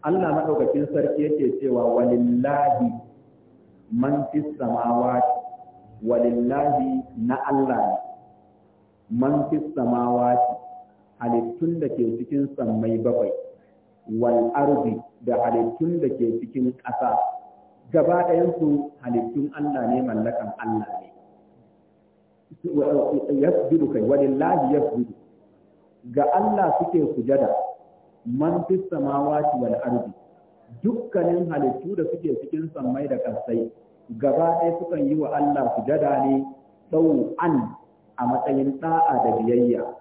Allah maɗaukakin sarki yake cewa walillahi man fi samawati walillahi na Allah man fi samawati halittun da ke cikin sammai bakwai wal ardi da halittun da ke cikin ƙasa gaba ɗayansu halittun Allah ne mallakan Allah ne yasjudu kai walillahi yasjudu ga Allah suke sujada man fi samawati wal ardi dukkanin halittu da suke cikin sammai da ƙasai, gaba ɗaya sukan yi wa Allah sujada ne sau'an an a matsayin ɗa'a da biyayya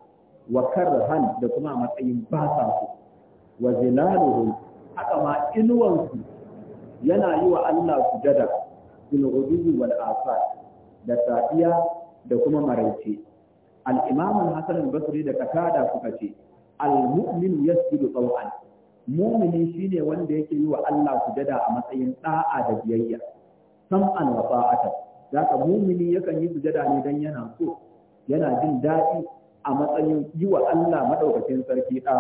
wa karhan da kuma a matsayin ba sa su wa zilaluhum haka ma inuwansu yana yi wa Allah sujada bil udubi wal asar da safiya da kuma maraice al-imam al-hasan al-basri da katada suka ce al-mu'minu yasjudu taw'an mu'mini shine wanda yake yi wa Allah sujada a matsayin da'a da biyayya sam'an wa ta'atan zaka mu'mini yakan yi sujada ne dan yana so yana jin daɗi a matsayin yi wa Allah maɗaukacin sarki ɗa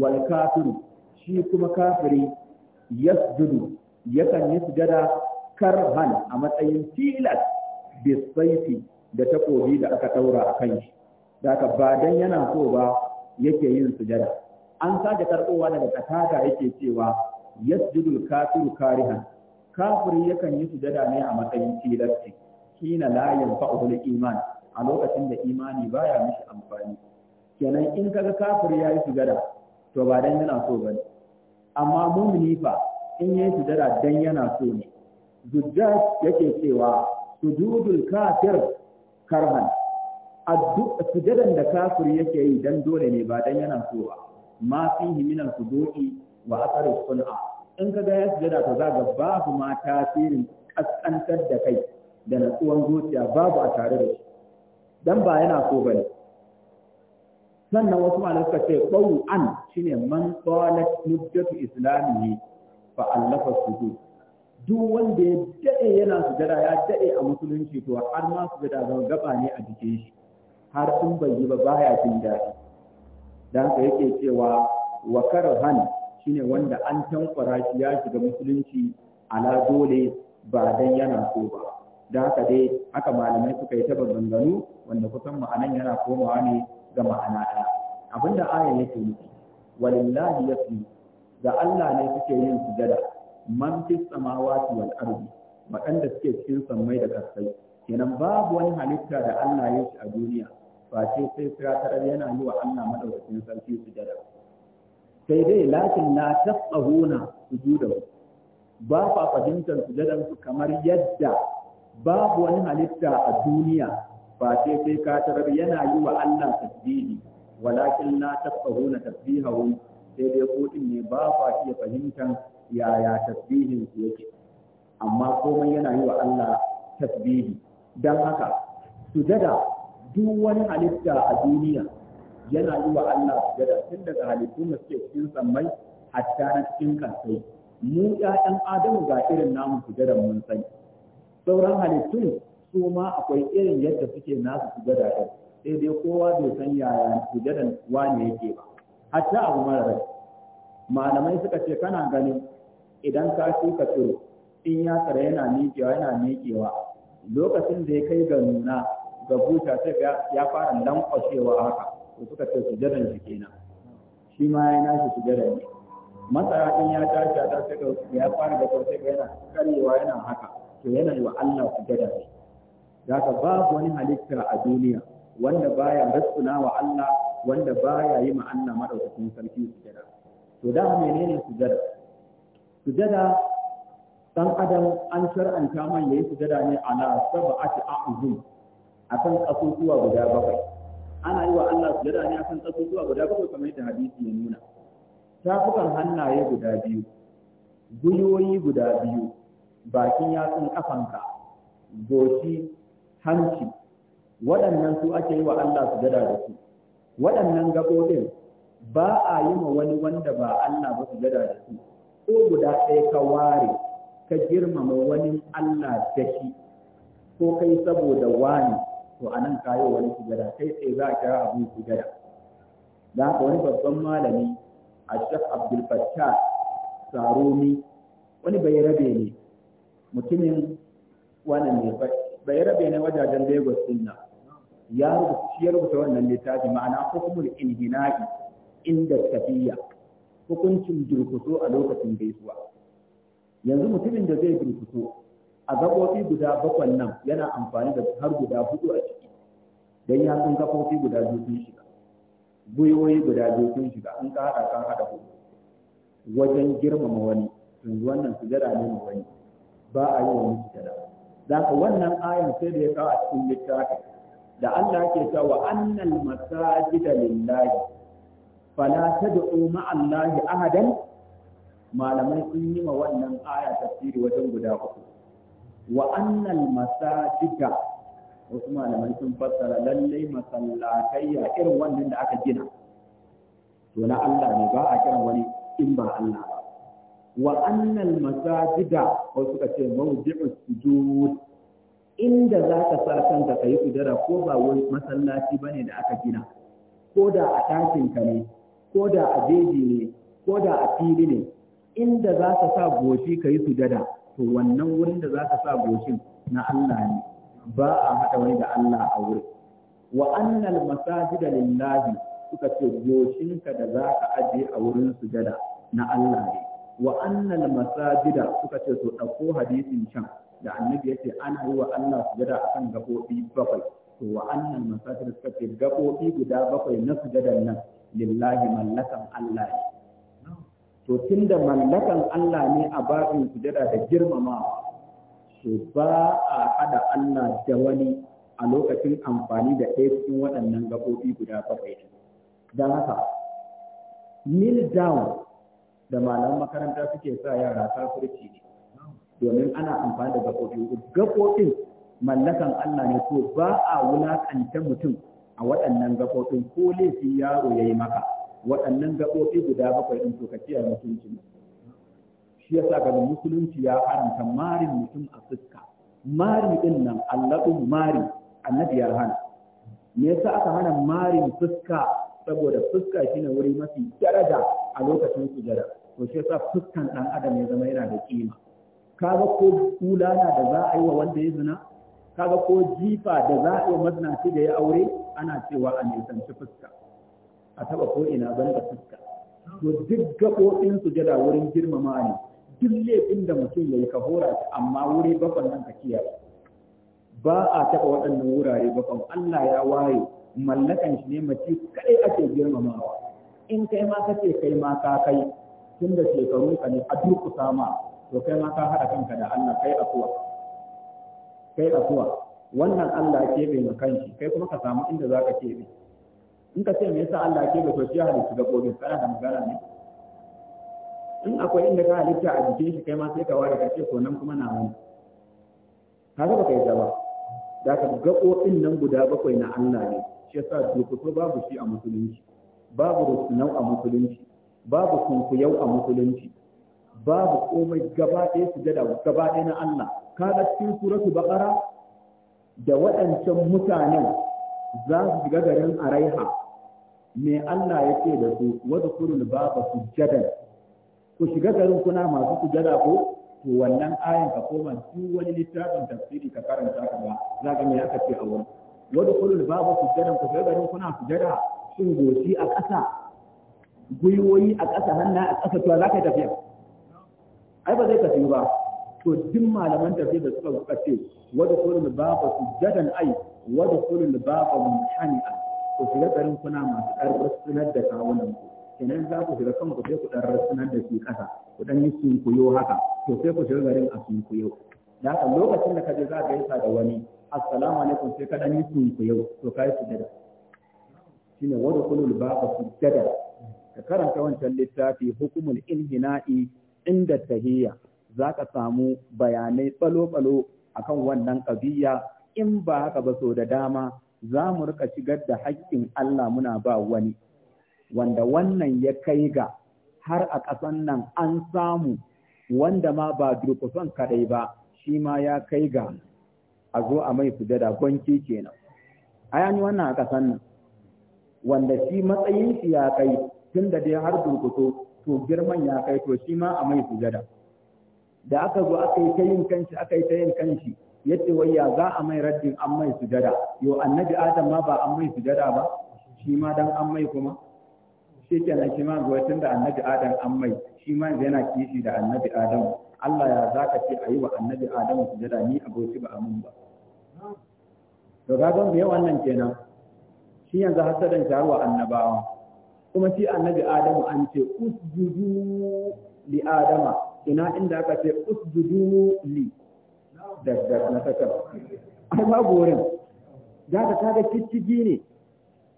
wal kafiru shi kuma kafiri yasjudu yakan yi sujada karhan a matsayin tilas bisaifi da takobi da aka taura a kan shi da ka ba dan yana so ba yake yin sujada an sake karɓowa daga kataka yake cewa yasjudul kafiru karihan kafiri yakan yi sujada ne a matsayin shi kina layin yanfa'u iman a lokacin da imani baya mishi amfani kenan in kaga kafir ya yi sujada to ba dan yana so bane amma mumini fa in yayi sujada dan yana so ne zujjaj yake cewa sujudul kafir karhan sujadan da kafir yake yi dan dole ne ba dan yana so ba ma fihi min al-khudu'i wa athar suna in kaga ya sujada to zaga babu ma tasirin kaskantar da kai da natsuwan zuciya babu a tare da shi dan ba yana so bane sannan wasu malamai suka ce ɓau an shine man qalat muddatu islamihi fa allafa zo. duk wanda ya daɗe yana su sujada ya daɗe a musulunci to har ma gada zama gaba ne a jikin shi har in bai yi ba baya jin daɗi dan ka yake cewa wa karhan shine wanda an tankwara shi ya shiga musulunci ala dole ba dan yana so ba da haka dai haka malamai suka yi ta maganganu wanda kusan ma'anan yana komawa ne ga ma'ana ɗaya abinda ayan yake nufi walillahi yasmi ga Allah ne suke yin sujada man fi samawati wal ardi waɗanda suke cikin sammai da kasai kenan babu wani halitta da Allah ya shi a duniya face sai siratarar yana yi wa Allah madaukakin sarki sujada sai dai lakin la tasahuna sujudahu ba fa fahimtar sujadan su kamar yadda babu wani halitta a duniya ba sai sai ka tarar yana yi wa Allah tasbihi walakin la tafqahuna tasbihahum sai dai ko din ne ba fa iya fahimtan yaya tasbihin su yake amma komai yana yi wa Allah tasbihi dan haka sujada duk wani halitta a duniya yana yi wa Allah dada. tun daga halittun da suke cikin sammai hatta na cikin kansai mu ƴaƴan adamu ga irin namu dada mun sani sauran halittun su ma akwai irin yadda suke nasu su gada ɗin sai dai kowa bai san yaya su sujadan wane yake ba hatta abu mara rai malamai suka ce kana ganin idan ka ka tsiro in ya tsara yana miƙewa yana miƙewa lokacin da ya kai ga nuna ga buta sai ya fara lankwashewa haka to suka ce sujadan shi kenan shi ma ya nashi sujadan ne masara in ya tashi a tashi ya fara da ga yana karyewa yana haka to yana yi wa Allah sujada ne daga babu wani halitta a duniya wanda baya rasuna wa Allah wanda baya yi ma Allah madaukakin sarki sujada to da menene sujada sujada dan adam an shar'anta man yayi sujada ne ala sab'ati a'zum akan kasusuwa guda bakwai ana yi wa Allah sujada ne akan kasusuwa guda bakwai kamar yadda hadisi ya nuna tafukan hannaye guda biyu guyoyi guda biyu bakin yatsun kafanka goshi hanci waɗannan su ake yi wa Allah su gada da su waɗannan gaɓoɗin ba a yi ma wani wanda ba Allah ba su gada da su ko guda ɗaya ka ware ka girmama wani Allah da shi ko kai saboda wani to a nan kayo wani su gada. kai tsaye za a kira abin gada. da haka wani babban malami a shek abdul fattah sarumi wani bai rabe ne mutumin wannan ne bai rabe ne wajajen Lagos din nan ya rubuta rubuta wannan littafi ma'ana hukumul inhina'i inda tafiya hukuncin durkuso a lokacin gaisuwa yanzu mutumin da zai durkuso a gabobi guda bakwai nan yana amfani da har guda hudu a ciki don ya san gabobi guda biyu sun shiga gwiwoyi guda biyu sun shiga an ka haɗa kan haɗa wajen girmama wani yanzu wannan sujada ne ma wani ba a yi wa mujtala ka wannan ayan sai da ya kawo a cikin littafi da Allah ke cewa annal masajida lillahi fala tad'u ma Allahi ahadan malamai sun yi ma wannan aya tafsiri wajen guda uku wa annal masajida wasu malamai sun fassara lallai a irin wannan da aka gina to na Allah ne ba a kiran wani in ba Allah ba wa annal masajida suka ce mawdi'u sujud inda za ka sa kanka kai sujada ko ba wani masallaci bane da aka gina ko da a ɗakin ka ne ko da a jeji ne ko da a fili ne inda za ka sa goshi kai sujada to wannan wurin da za ka sa goshin na Allah ne ba a haɗa wani da Allah a wurin wa annal masajida lillahi suka ce goshinka da za ka aje a wurin sujada na Allah ne wa annal masajida suka ce su ɗauko hadisin can da annabi ya ce ana yi wa Allah sujada akan gaɓoɓi bakwai to wa annal masajida suka ce gaɓoɓi guda bakwai na sujadan nan lillahi mallakan Allah ne to da mallakan Allah ne a babin sujada da girmamawa to ba a hada Allah da wani a lokacin amfani da ɗaya cikin waɗannan gaɓoɓi guda bakwai ne don haka kneel down da malaman makaranta suke sa yara kafirci ne domin ana amfani da gaɓoɓi gaɓoɓin mallakan Allah ne to ba a wulaƙanta mutum a waɗannan gaɓoɓin ko laifi yaro ya yi maka waɗannan gaɓoɓi guda bakwai ɗin to ka kiyaye mutunci shi yasa ga musulunci ya haramta marin mutum a fuska mari ɗin nan allaɗin mari annabi ya hana me yasa aka hana marin fuska saboda fuska shine wuri mafi daraja a lokacin sujada to shi sa fuskan dan adam ya zama yana da kima kaga ko kulana da za a yi wa wanda ya zina kaga ko jifa da za a yi maznaci da ya aure ana cewa a nisanci fuska a taba ko ina ban da fuska to duk gaɓoɓin sujada wurin girmama ne duk laifin da mutum ya yi ka hora amma wuri bakon nan ka kiyaye ba a taɓa waɗannan wurare bakon. Allah ya waye mallakan shi ne mace kaɗai ake girmamawa in kai ma kace kai ma ka kai tun da shekaru ka ne a durkusa ma to kai ma ka haɗa kanka da Allah kai afuwa kai afuwa wannan Allah ke bai ma kanshi kai kuma ka samu inda za ka keɓe in ka ce me yasa Allah ke bai to shi halittu da gobe kana da magana ne in akwai inda ka halitta a jikin shi kai ma sai ka ware ka ce ko nan kuma na wani ka ga kai yadda da ka gaɓoɓin nan guda bakwai na Allah ne shi yasa dokuto babu shi a musulunci babu rusunau a musulunci babu kunkuyau a musulunci babu komai gaba ɗaya sujada gaba ɗaya na Allah kaga cikin suratul baqara da waɗancan mutanen za su shiga garin araiha me Allah ya ce da su wadkhulul baba jada ku shiga garin kuna masu su jada ko to wannan ayan ka koma su wani littafin tafsiri ka karanta ka ba za ka me aka ce a wurin wadkhulul baba jada ku shiga garin kuna su jada shin goshi a ƙasa gwiwoyi a ƙasa hannu a ƙasa tuwa za ka yi tafiya ai ba zai ka ba to duk malaman tafiya da suka suka ce wadda kulun ba su jadan ai wadda kulun ba ba a ku shiga garin kuna masu ɗan rassunar da kawunan ku kenan za ku shiga kanku sai ku ɗan rassunar da shi ƙasa ku ɗan yi sunkuyo haka to sai ku shiga garin a sunkuyo da haka lokacin da ka je za ka yi da wani assalamu alaikum sai ka ɗan yi sunkuyo to ka yi sujada shine wadda kulun ba ba su jada ka karanta wancan littafi hukumul inhina'i inda tahiyya za ka samu bayanai tsalo-tsalo akan wannan ƙabiya in ba haka ba so da dama za mu rika shigar da haƙƙin Allah muna ba wani wanda wannan ya kai ga har a ƙasan nan an samu wanda ma ba durkusan kaɗai ba shi ma ya kai ga a zo a mai da gwanci kenan a wannan a ƙasan nan wanda shi matsayin shi ya kai tun da dai har durkuto to girman ya kai to shi ma a mai sujada da aka zo aka yi ta yin kanshi aka yi ta yin kanshi yadda wayya za a mai raddin an mai sujada yo annabi adam ma ba an mai sujada ba shi ma dan an mai kuma shi kenan shi ma ga tunda annabi adam an mai shi ma yana kishi da annabi adam Allah ya zaka ce ayi wa annabi adam sujada ni aboki ba amin ba to ga gon biye wannan kenan shi yanzu hasadan taruwa annabawa kuma shi annabi adamu an ce usjudu li adama ina inda aka ce usjudu li da da na saka wurin da ka kaga ciccigi ne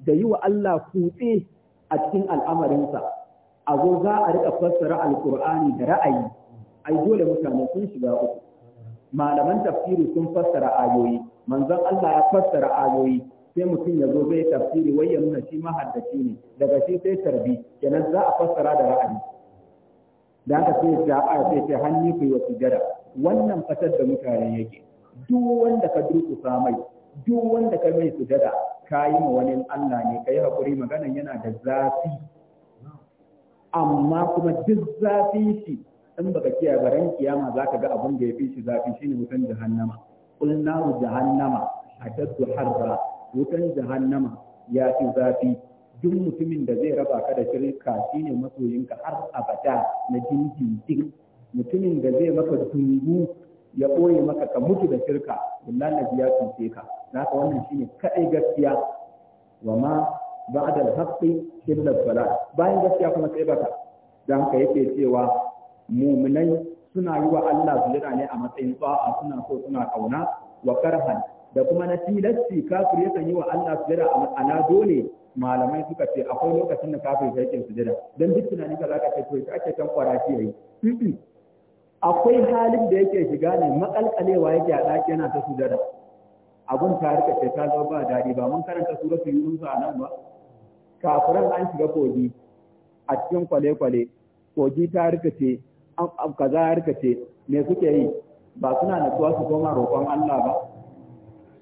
da yi wa Allah kutse a cikin al'amarinsa a zo za a rika fassara Alkur'ani da ra'ayi ai dole mutane sun shiga uku malaman tafsiri sun fassara ayoyi manzon Allah ya fassara ayoyi sai mutum ya zo zai tafsiri wai ya nuna shi mahaddaci ne daga shi sai tarbi kenan za a fassara da ra'ayi da aka ce ta a ce ce hannu ku wa sujada wannan fatar da mutane yake duk wanda ka durƙusa mai duk wanda ka mai sujada ka yi ma wani Allah ne ka yi haƙuri maganan yana da zafi amma kuma duk zafi shi in baka kiyaye ba ran kiyama zaka ga abin da ya fi shi zafi shine wutan jahannama qul jahannama ashaddu harra wutan jahannama ya fi zafi duk mutumin da zai raba ka da shirka shine masoyinka har abada na jinjin mutumin da zai maka dungu ya ɓoye maka ka mutu da shirka wallahi ya tuce ka ka wannan ne. Kaɗai gaskiya wa ma ba'da da haƙƙi illa salat bayan gaskiya kuma sai baka dan haka yake cewa mu'minai suna yi wa Allah zuluna ne a matsayin tsawa suna so suna kauna wa karhan da kuma na tilasti kafir yakan yi wa Allah su a na dole malamai suka ce akwai lokacin da kafir su jira dan duk tunani ka zaka kai to ita ake kan kwarashi yayi akwai halin da yake shiga ne makalkalewa yake a daki yana ta su jira abun ta rika ce ta zama ba dadi ba mun karanta suratu yunus a nan ba kafiran an shiga kogi a cikin kwale-kwale kogi ta rikace kaza ya rikace me suke yi ba suna nutsuwa su koma roƙon Allah ba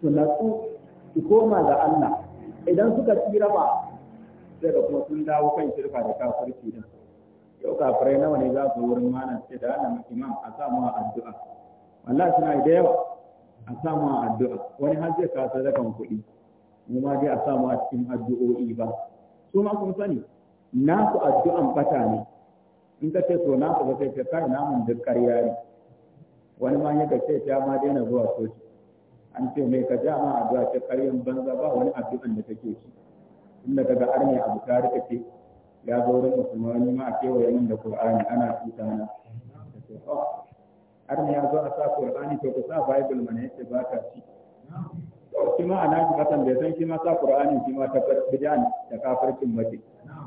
su natsu su koma ga Allah idan suka tsira ba sai da kuma sun dawo kan shirka da kafirci din yau kafirai nawa ne za su wurin mana ce da Allah imam a samu addu'a wallahi suna da yawa a samu addu'a wani har zai kawo sadakan kuɗi mu ma dai a sa a cikin addu'o'i ba su ma kun sani Na ku addu'an bata ne in ka ce so naku ba sai ka kai namun duk ƙarya ne wani ma ya ce ta ma daina zuwa soci an ce mai ka ja ma addu'a ce ƙaryan banza ba wani addu'an da take ci inda kaga arme abu ta rika ce ya zo wurin musulmani ma a kewaye min da qur'ani ana tuta na oh, arme ya zo a sa qur'ani to ku sa bible mana yace ba ka ci shi ma ana ji kasan bai san shi ma sa qur'ani shi ma ta bidan da kafircin mace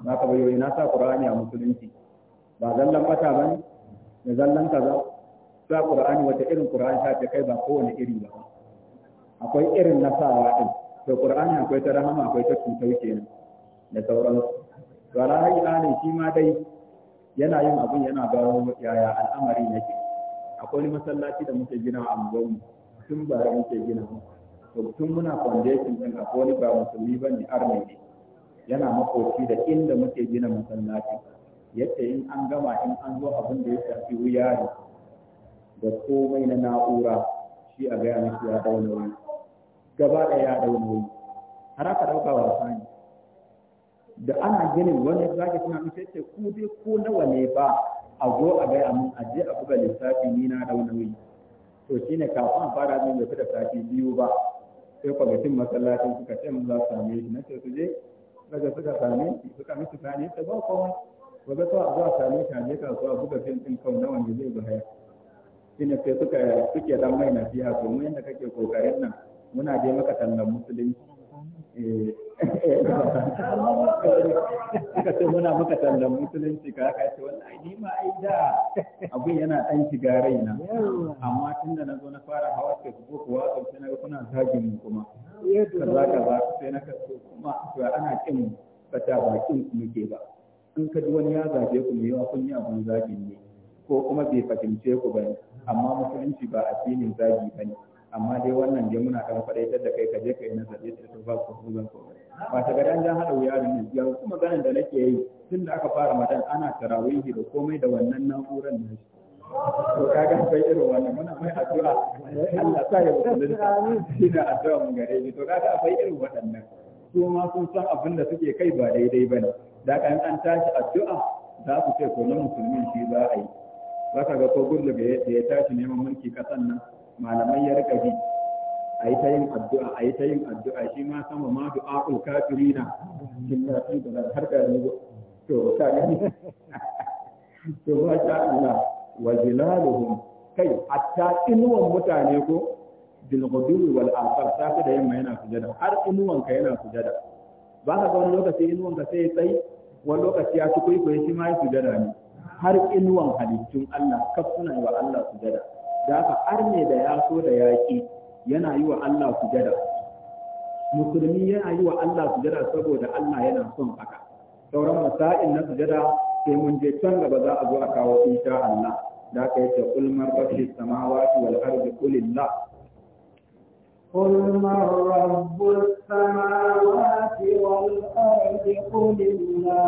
na ka bayo na sa qur'ani a musulunci ba zallan bata bane da zallan kaza sa qur'ani wata irin qur'ani ta kai ba kowane iri ba akwai irin nasawa ɗin. din to qur'ani akwai ta rahama akwai ta cutar kenan da sauransu to alhaji ne shi ma dai yana yin abun yana bawo yaya al'amari yake akwai wani masallaci da muke gina a mu tun bara muke gina to tun muna foundation din akwai wani ba musulmi bane arne ne yana makoci da inda muke gina masallaci yadda in an gama in an zo abin da ya shafi wuyari da komai na na'ura shi a gaya miki ya dauna wani gaba ɗaya ya ɗau nauyi har aka ɗauka wasa da ana ginin wani zaki suna mun sai ku dai ko nawa ne ba a zo a ga mun a je a buga lissafi ni na ɗau nauyi to shine kafin fara min da kada sati biyu ba sai kwamitin masallacin suka ce mun za su same shi na ce su je daga suka same shi suka musu gane ta ba komai ba ga a zuwa same shi a je kasuwa buga fim ɗin kawai nawa ne zai bayar shine sai suka suke dan mai nasiha domin yadda kake kokarin nan muna je maka tallan musulunci eh. suka ce muna maka tallan musulunci ka haka ce wallahi ni ma ai da abin yana ɗan shiga na. amma tun da na zo na fara hawa facebook kuwa sai na kuna zagin kuma kaza kaza sai na kaso kuma to ana kin fata bakin ku muke ba in ka wani ya zabe ku mai yawa kun yi abun zagin ne ko kuma bai fahimce ku ba amma musulunci ba addinin zagi ba ne amma dai wannan dai muna kan faɗaitar da kai ka je ka yi nazari da to ba ku zan ko ba ta gadan dan haɗa wuya da nan yanzu kuma ganin da nake yi tun da aka fara madan ana tarawihi da komai da wannan na'urar nan to kaga bai irin wannan muna mai addu'a Allah sa ya mutunta shi da addu'a mun gare shi to kaga bai irin waɗannan su ma sun san abin da suke kai ba daidai bane da kan an tashi addu'a za ku ce ko na musulmin shi za a yi zaka ga ko gurbi da ya tashi neman mulki kasan nan malamai ya rika bi a yi ta yin addu'a a yi ta yin addu'a shi ma sama ma du'a'ul kafirina kin da su da har da ne to ka gani to ba ta Allah wa zilaluhum kai hatta inuwan mutane ko dilgudu wal asar ta da yamma yana sujada har inuwan ka yana sujada ba ka ga wani lokaci inuwan ka sai tsayi wani lokaci ya ci kwaikwayo shi ma ya sujada ne har inuwan halittun Allah kaf wa Allah sujada da aka arne da ya so da yaƙi yana yi wa Allah sujada musulmi yana yi wa Allah sujada saboda Allah yana son haka sauran masa'in na sujada sai mun je can gaba za a zo a kawo insha Allah da haka yace kul man kulin samawati wal ardi qulillah قل من رب السماوات والأرض قل الله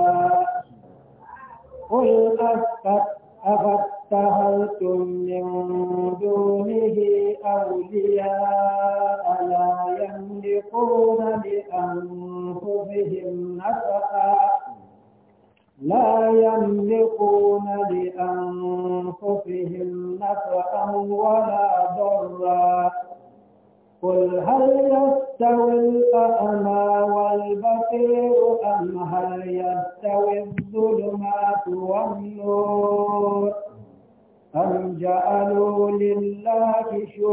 قل أفتأ اتخذتم من دونه أولياء لا يملكون لأنفسهم نفعا لا يملكون لأنفسهم نفعا ولا ضرا قل هل يستوي الأعمى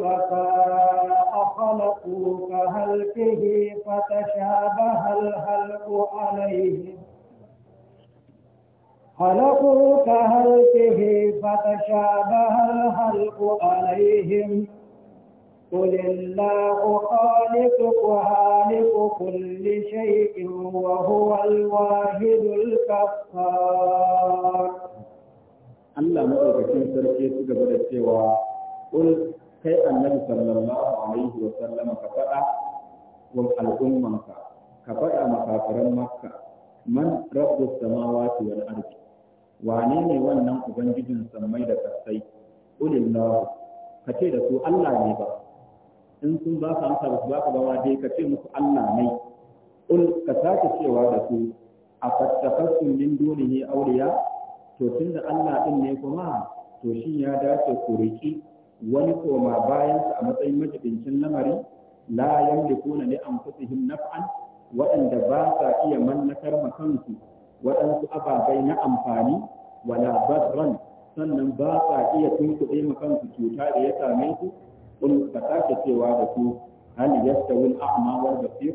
شركاء خلقوا كهلكه فتشابه الخلق عليهم خلقوا كهلكه فتشابه الخلق عليهم قل الله خالق وخالق كل شيء وهو الواحد القهار Allah maɗaukakin sarki su gaba da cewa ƙul kai annabi sallallahu alaihi wa sallam ka faɗa wa al'ummanka ka faɗa makafiran makka man rabbu samawati wal ardi wane ne wannan ubangijin sammai da kasai ulillahu ka ce da su Allah ne ba in sun ba ka amsa ba ka dai ka ce musu Allah ne ul ka sake cewa da su a fattakassun min dunihi awliya to tunda Allah din ne kuma to shin ya dace ku riki wani koma bayansa a matsayin majibincin lamari la yamlikuna li anfusihim naf'an waɗanda ba sa iya mallakar ma kansu waɗansu ababai na amfani wala barran sannan ba sa iya tunkuɗe ma kansu cuta da ya same su kun ka sake cewa da su hal yastawi al-a'ma wal basir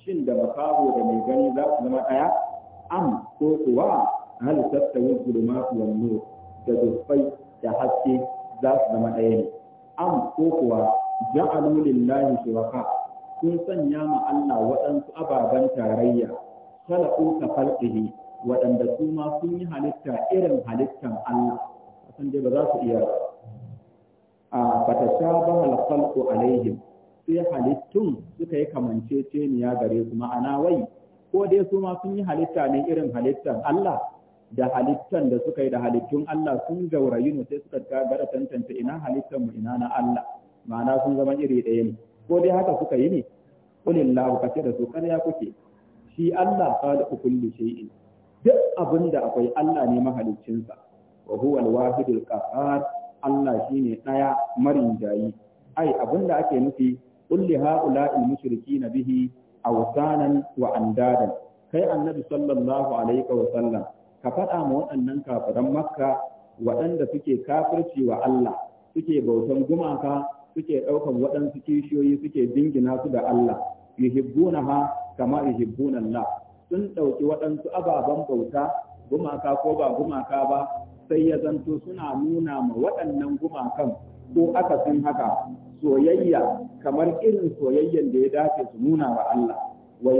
shin da makaho da mai gani za su zama ɗaya am ko kuwa hal tastawi al-zulumat wan nur da dufai da haske za su zama ɗaya ne am ko kuwa ja'alu lillahi shuraka sun sanya ma Allah waɗansu ababen tarayya khalaqu ka khalqihi waɗanda su ma sun yi halitta irin halittan Allah san dai ba za su iya a fatashabaha al-khalqu alaihim sai halittun suka yi kamanceceniya gare su ma'ana wai ko dai su ma sun yi halitta ne irin halittan Allah da halittan da suka yi da halittun Allah sun gaurayi mu sai suka gagara tantance ina halittan mu ina na Allah ma'ana sun zama iri ɗaya ne ko dai haka suka yi ne kulillahu kace da su ya kuke shi Allah khaliqu kulli shay'in duk abin da akwai Allah ne mahaliccin sa wa huwa al-wahidul qahar Allah shine daya marin jayi ai abin da ake nufi kulli ha'ula'il mushrikina bihi awsanan wa andadan kai annabi sallallahu alaihi wa sallam ka faɗa ma waɗannan kafiran makka waɗanda suke kafirci wa Allah suke bautan gumaka suke ɗaukan waɗansu kishiyoyi suke dingina su da Allah yuhibbunaha kama yuhibbuna Allah sun ɗauki waɗansu ababen bauta gumaka ko ba gumaka ba sai ya zanto suna nuna ma waɗannan gumakan ko aka sun haka soyayya kamar irin soyayyan da ya dace su nuna wa Allah wa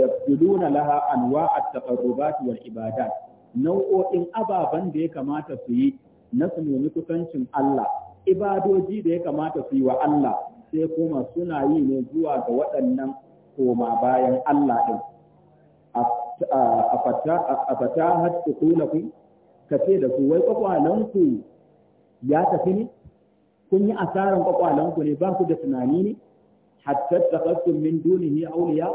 laha anwa at-taqarrubat wal ibadat nau'o'in ababen da ya kamata su yi na su nemi kusancin Allah ibadoji da ya kamata su yi wa Allah sai kuma suna yi ne zuwa ga waɗannan koma bayan Allah ɗin a fata hattu kulaku ka ce da su wai ku ya tafi ne kun yi asarar ƙwaƙwalanku ne ba ku da tunani ne hatta takassun min dunihi auliya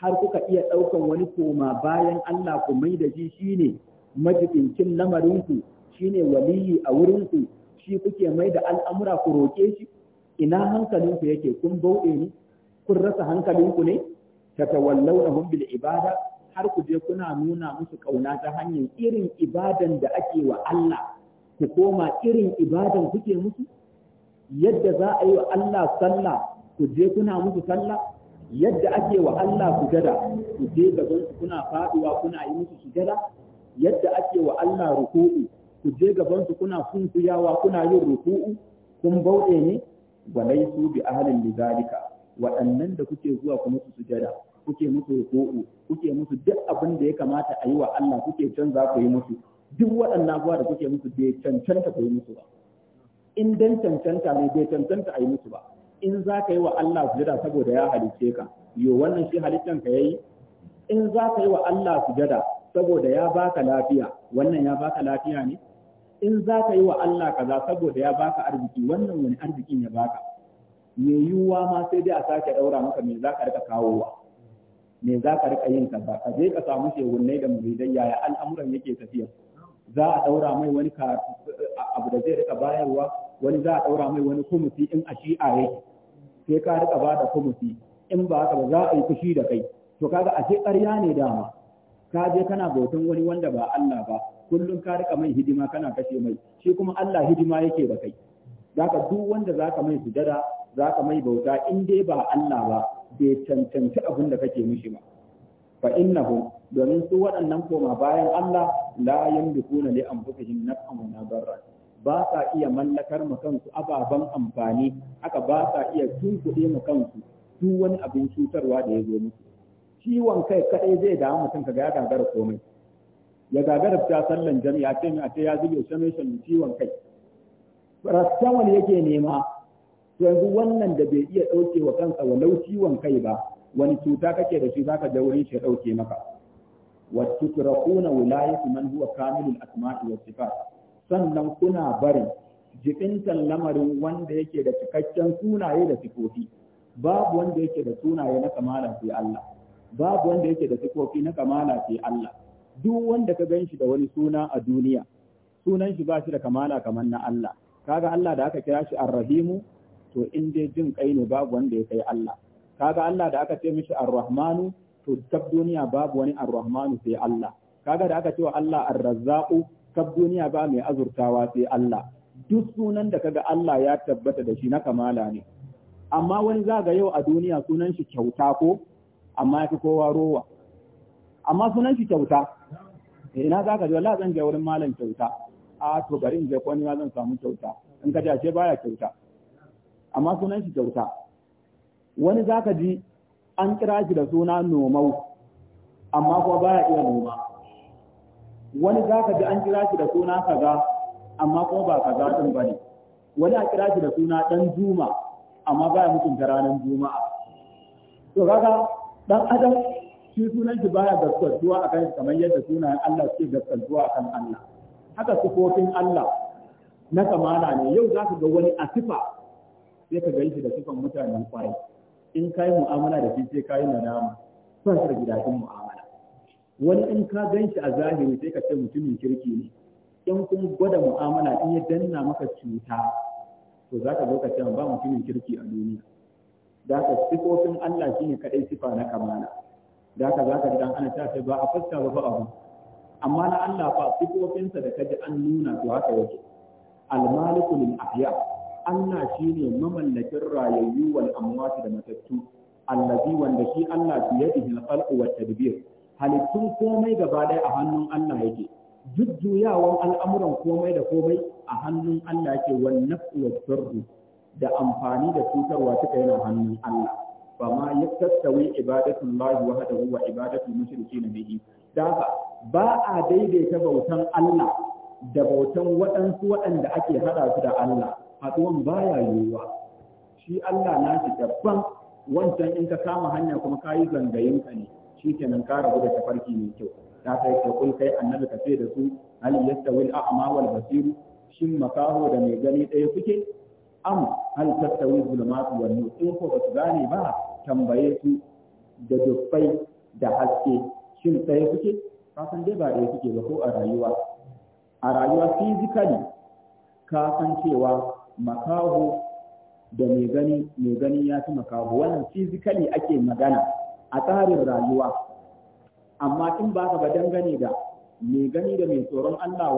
har kuka iya ɗaukan wani koma bayan Allah ku mai da shi shine majibincin lamarinku shi ne waliyi a wurinku shi kuke mai da al'amura ku roƙe shi ina hankalinku yake kun bauɗe ni? kun rasa hankalinku ne tatawallawnahum bil ibada har ku je kuna nuna musu ƙauna ta hanyar irin ibadan da ake wa Allah ku koma irin ibadan kuke musu yadda za a yi wa Allah sallah ku je kuna musu sallah yadda ake wa Allah sujada ku je gaban kuna faɗuwa kuna yi musu sujada yadda ake wa Allah ruku'u ku je gaban su kuna kunkuyawa kuna yin ruku'u kun bauɗe ne walaisu bi ahlin lidhalika waɗannan da kuke zuwa ku musu sujada kuke musu ruku'u kuke musu duk abin da ya kamata a yi wa Allah kuke can za ku yi musu duk waɗannan abubuwa da kuke musu bai cancanta ku yi musu ba in dan cancanta ne bai cancanta a yi musu ba in za ka yi wa Allah sujada saboda ya halicce ka yo wannan shi halittan ka yayi in za ka yi wa Allah sujada saboda ya baka lafiya wannan ya baka lafiya ne in za ka yi wa Allah kaza saboda ya baka arziki wannan wani arzikin ya baka me yiwuwa ma sai dai a sake daura maka me za ka rika kawowa me za ka rika yin kaza ka je ka samu shegunnai da muridai yaya al'amuran yake tafiya za a daura mai wani abu da zai rika bayarwa wani za a daura mai wani kumusi in a shi'a yake sai ka rika bada da kumusi in ba haka ba za a yi fushi da kai to kaga ashe ƙarya ne dama ka je kana bautan wani wanda ba Allah ba kullum ka rika mai hidima kana kashe mai shi kuma Allah hidima yake ba kai zaka duk wanda zaka mai sujada zaka mai bauta in dai ba Allah ba bai cancanci abin da kake mishi ba fa innahu domin su waɗannan koma bayan Allah la yamlikuna li anfusihim naf'an wa darra ba sa iya mallakar mu kansu ababen amfani haka ba sa iya tunkuɗe mu kansu duk wani abin cutarwa da ya zo musu ciwon kai kadai zai damu mutum ka ya gagara komai ya gagara fita sallan jami'a ce mai a ce ya zube shan ciwon kai paracetamol yake nema to yanzu wannan da bai iya dauke wa kansa walau ciwon kai ba wani cuta kake da shi zaka ga wurin shi ya ɗauke maka wa tutrakuna wilayati man huwa kamilul asma'i was sifat sannan kuna barin jikintan lamarin wanda yake da cikakken sunaye da sifofi babu wanda yake da sunaye na kamala sai Allah babu wanda yake da sifofi na kamala sai Allah duk wanda ka ganshi da wani suna a duniya sunan shi ba shi da kamala kamar na Allah kaga Allah da aka kira shi Ar-Rahimu to in dai jin kai ne babu wanda ya kai Allah kaga Allah da aka ce mishi Ar-Rahmanu to duk duniya babu wani Ar-Rahmanu sai Allah kaga da aka ce wa Allah Ar-Razzaqu kab duniya ba mai azurtawa sai Allah duk sunan da kaga Allah ya tabbata da shi na kamala ne amma wani zaga yau a duniya sunan shi kyauta ko amma ya fi kowa rowa amma sunan shi kyauta eh, ina za ka ji wala zan je wurin malam kyauta a to bari in je ko ni zan samu kyauta in ka jace baya kyauta amma sunan shi kyauta wani za ka ji an kira shi da suna nomau amma kuma baya iya noma wani za ka ji an kira shi da suna kaza amma kuma ba kaza ba ne? wani a kira shi da suna ɗan juma amma baya mutunta ranar juma'a to kaga dan adam shi sunan shi baya gaskantuwa kan kamar yadda sunayen Allah suke gaskantuwa kan Allah haka sifofin Allah na kamala ne yau za ka ga wani a sifa sai ka ga da sifan mutanen kwarai in kai mu'amala da shi sai ka yi nadama son sa gidajen mu'amala wani in ka gan a zahiri sai ka ce mutumin kirki ne in kun gwada mu'amala in ya danna maka cuta to za ka zo ka ce ba mutumin kirki a duniya da ka sifofin Allah shi ne kadai sifa na kamala da ka zaka ji dan ana ta ce ba a fuska ba abu amma na Allah fa sifofinsa da kaji an nuna to haka yake al-maliku ahya Allah ne mamallakin rayayyu wal amwat da matattu allazi wanda shi Allah bi yadihi al-khalqu wa tadbir halittun komai gaba ɗaya a hannun Allah yake jujjuyawan al'amuran komai da komai a hannun Allah yake wannan nafsu wa da amfani da cutarwa suka na hannun Allah fa ma yattasawi ibadatu Allah wahdahu wa ibadatu mushrikeena bihi daga ba a daidaita bautan Allah da bautan waɗansu waɗanda ake haɗa su da Allah haɗuwan baya yiwuwa shi Allah na shi daban wancan in ka kama hanya kuma ka yi zangayin ka ne shi kenan ka rabu da tafarki mai kyau da ka yake kul kai annabi ka ce da su hal yastawil a'ma wal basir shin makaho da mai gani ɗaya kuke am hal tattawi zulumat wan nur in ko ba su gane ba tambaye su da dubbai da haske shin tsaye kuke ka san dai ba ɗaya kuke ba ko a rayuwa a rayuwa physically ka san cewa makaho da mai gani mai gani ya fi makaho wannan physically ake magana a tsarin rayuwa amma in ba ka ba dangane da mai gani da mai tsoron Allah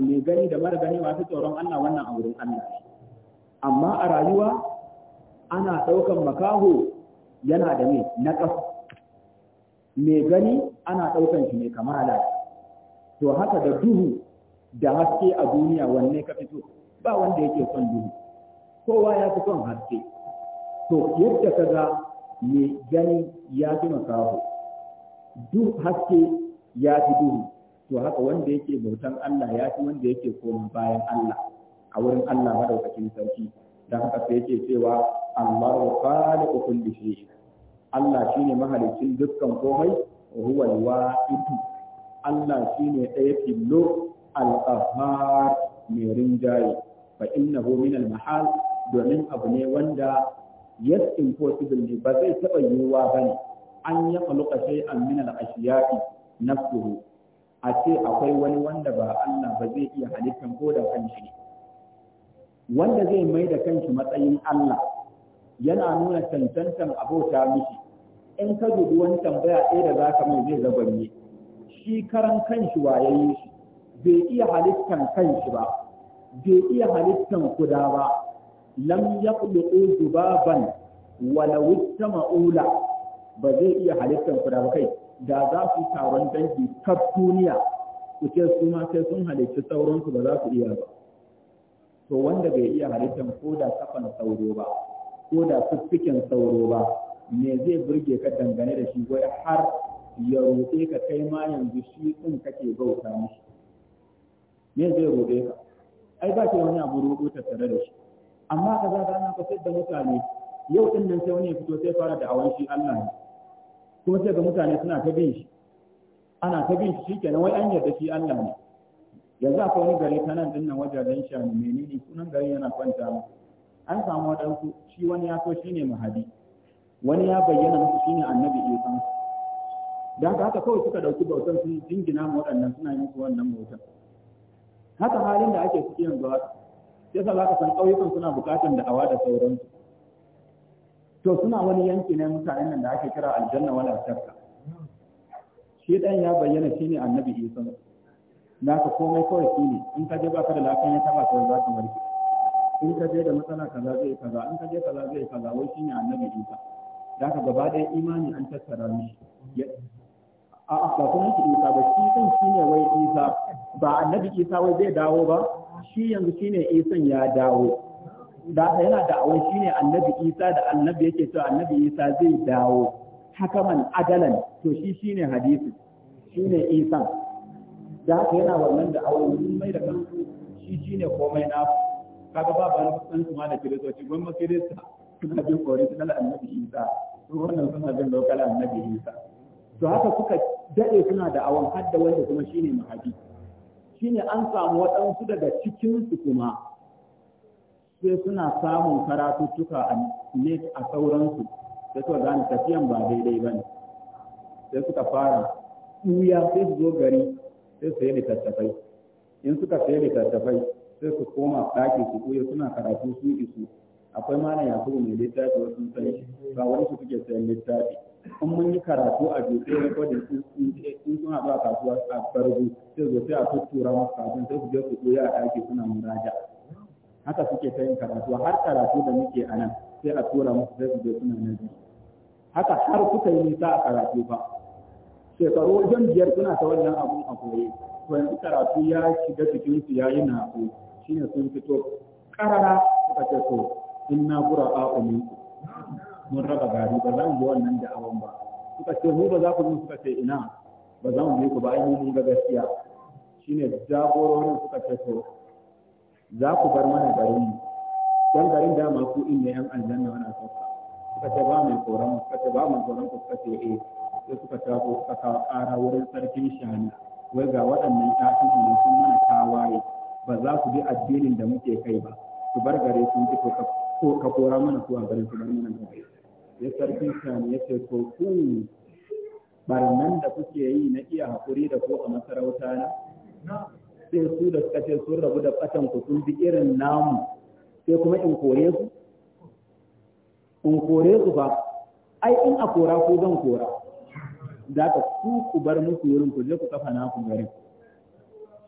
mai gani da mara gani wa tsoron Allah wannan a wurin Allah ne amma a rayuwa ana ɗaukan makaho yana da mai na ƙasa mai gani ana ɗaukan shi mai kamala to haka da duhu da haske a duniya wanne ka fito ba wanda yake son duhu kowa ya fi son haske to yadda ka ga mai gani ya fi makaho duk haske ya fi duhu to haka wanda yake bautan Allah ya fi wanda yake koma bayan Allah a wurin Allah madaukakin sarki dan haka sai yake cewa allah khaliqu kulli shay'in Allah shine mahalicin dukkan komai huwa al-wahid Allah shine ɗaya filo al-qahhar mai rinjaye fa innahu min al-mahal domin abu ne wanda yes impossible ne ba zai taɓa yiwuwa ba ne an ya faluka shay'an min al-ashiyaqi nafsuhu a ce akwai wani wanda ba Allah ba zai iya halittan ko da kanshi ne wanda zai mai da kanshi matsayin Allah yana nuna cancantan abota mishi in ka dubi wani tambaya ɗaya da za ka mai zai zagwanye shi karan kanshi wayayi shi bai iya halittan kanshi ba bai iya halittan kuda ba lam yaqlu zubaban wala ma'ula ba zai iya halittan kuda ba kai da za su taron dangi kaf duniya ku ce su ma sai sun halicci sauransu ba za su iya ba to wanda bai iya halittar ko da kafan sauro ba ko da fuskikin sauro ba me zai burge ka dangane da shi wai har ya roƙe ka kai ma yanzu shi ɗin kake bauta mishi me zai roƙe ka ai ba ke wani abu roƙo tattare da shi amma ka za ka ana fasar da mutane yau ɗin nan sai wani ya fito sai fara da awon shi Allah ne kuma sai ga mutane suna ta bin shi ana ta bin shi shikenan wai an yarda shi Allah ne yanzu akwai wani gari ta nan nan wajajen shanu menene sunan gari yana kwanta an samu waɗansu shi wani ya so shine mahadi wani ya bayyana musu shine annabi isa da haka haka kawai suka ɗauki bautar sun jingina mu waɗannan suna yin musu wannan bautar haka halin da ake ciki yanzu haka sai sa zaka san ƙauyukan suna buƙatar awa da sauransu to suna wani yanki na mutanen nan da ake kira aljanna wala shakka shi ɗan ya bayyana shine annabi isa da ka komai kawai shi ne in ka je ba ka da lafiya ya ba kawai za ka warke in ka je da matsala kaza zai kaza in ka je kaza zai kaza wai shi ne annabi isa da ka gaba ɗaya imani an tattara mishi a a ba kuma shi isa ba shi kan shi ne wai isa ba annabi isa wai zai dawo ba shi yanzu shi ne isan ya dawo da yana da awon shi ne annabi isa da annabi yake cewa annabi isa zai dawo hakaman adalan to shi shi ne hadisi. shi ne isan da aka yana wannan da awon sun mai da kansu shi shi ne komai na kaga ba ban san su ma da kiristoci gwamma kirista suna bin original annabi isa su wannan suna bin local annabi isa to haka suka daɗe suna da awon hadda wanda kuma shi ne mahadi shi ne an samu waɗansu daga cikinsu kuma sai suna samun karatuttuka ne a sauransu sai suka gane tafiyan ba daidai ba ne sai suka fara ɗuya sai su zo gari sai su yi littattafai in suka sai littattafai sai su koma ɗaki su koyo suna karatu su isu akwai mana yakubu mai littafi wasu sun ba wani su suke sayan littafi in mun yi karatu a dutse ko in sun haɗu a kasuwa a farko sai zo sai a tuttura masu kafin sai su je su koya a ɗaki suna muraja haka suke ta yin karatu har karatu da muke a nan sai a tura musu sai su je suna nazari haka har kuka yi nisa a karatu ba. shekaru wajen biyar suna ta wannan abun a koyi to yanzu karatu ya shiga cikin su ya yi shi shine sun fito karara suka ce to inna bura'a minkum mun raba gari ba za mu bi wannan da'awan ba suka ce mu ba za ku suka ce ina ba za mu bi ku ba ai mun ga gaskiya shine jagororin suka ce to za ku bar mana garin mu don garin ma ku inda yan aljanna a sauka suka ce ba mai koran suka ce ba mai koran suka ce eh sai suka taso suka kawo ƙara wurin sarkin shani wai ga waɗannan ƴaƴan mu sun mana tawaye ba za su bi addinin da muke kai ba su bar gare sun ji ko ka kora mana a garin su bar mana gare ya sarkin shani ya ce to ku barnan da kuke yi na iya haƙuri da ko a masarauta na sai su da suka ce sun rabu da ɓatan ku sun bi irin namu sai kuma in kore su in kore su ba ai in a kora ko zan kora da ku ku bar musu wurin ku je ku kafa naku garin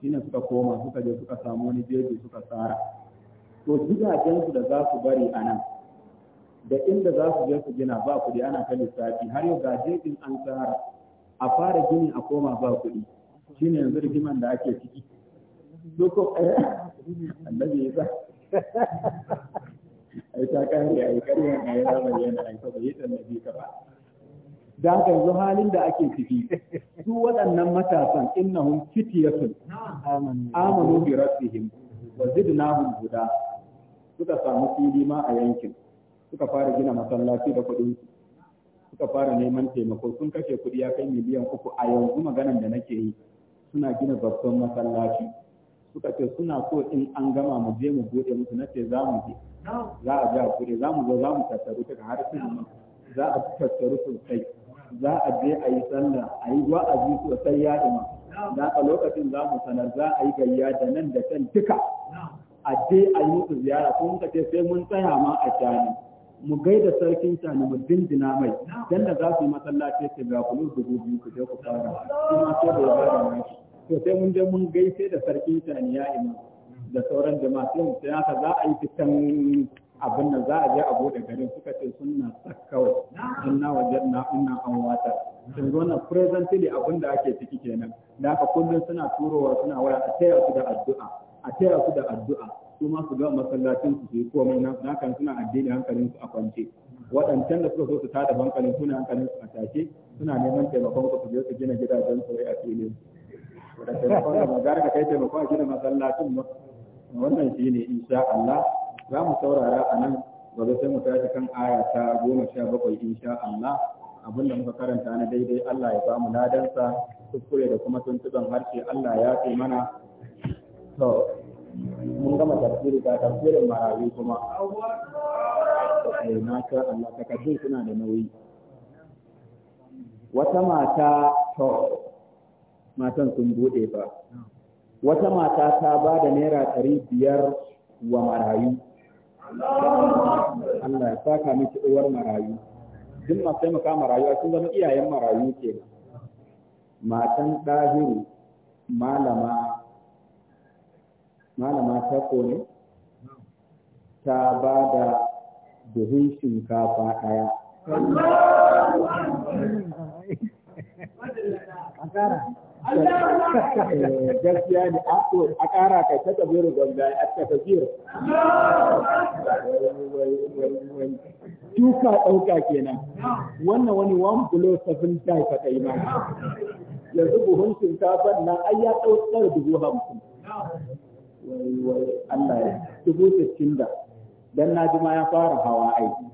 ne suka koma suka je suka samu wani jeji suka tsara to gidajensu da za su bari a nan da inda za su je su gina ba kuɗi ana ta lissafi har yau ga jejin an tsara a fara gini a koma ba kuɗi shine yanzu rigiman da ake ciki doko eh, annabi ya sa ai ta kare ai kariya ai ya yana ai ta bayyana ne ka ba da haka yanzu halin da ake ciki su waɗannan matasan innahum fitiyatun amanu bi rabbihim wa zidnahum huda suka samu fili ma a yankin suka fara gina masallaci da kuɗin su suka fara neman taimako sun kashe kuɗi ya kai miliyan uku a yanzu maganan da nake yi suna gina babban masallaci suka ce suna so in an gama mu je mu bude musu na ce za mu je za a ja kuɗi za mu zo za mu tattaru daga harsunan sun za a tattaru sosai za a je a yi sallah a yi wa'azi sosai ya ima za a lokacin za mu sanar za a yi gayya da nan da can duka a je a yi musu ziyara ko muka ce sai mun tsaya ma a shani mu gaida sarkin shani mu dindina mai dan da za su yi masallaci ce ga kulu dubu biyu ku je ku fara kuma ce da ya da to sai mun je mun gaishe da sarkin shani ya ima da sauran jama'a sai mu tsaya ka za a yi fitan abin nan za a je a bude garin suka ce sunna sakkawai janna wa janna unna an wata sun zo na presently abin da ake ciki kenan da aka kullum suna turowa suna waya a taya su da addu'a a taya su da addu'a su ma su ga masallacin su yi komai na kan suna addini hankalin su a kwance waɗancan da suka so su tada hankalin suna hankalin su a tashe suna neman taimakon su je su gina gidajen su a filin da taimakon da magana ka kai taimakon a gina masallacin wannan shine insha Allah za mu saurara a nan gobe sai mu tashi kan aya ta goma sha bakwai insha Allah abin da muka karanta na daidai Allah ya ba mu ladansa kuskure da kuma tuntuban harshe Allah ya fi mana to mun gama tafsiri ga tafsirin marayu kuma eh, na sha Allah takardun suna da nauyi wata mata to matan sun bude ba wata mata ta ba da naira ɗari biyar wa marayu Allah ya saka miki uwar marayu duk masu taimaka marayu sun zama iyayen marayu ke matan ɗahiru malama malama ta ne ta ba da buhun shinkafa ɗaya gaskiya ne a ƙara kai ta tabiru gwamna a tafiyar tuka ɗauka kenan wannan wani one blow seven die fa kai ma yanzu buhun shinkafan nan ai ya ɗaukar dubu hamsin Allah ya dubu sittin da dan na ji ma ya fara hawa aiki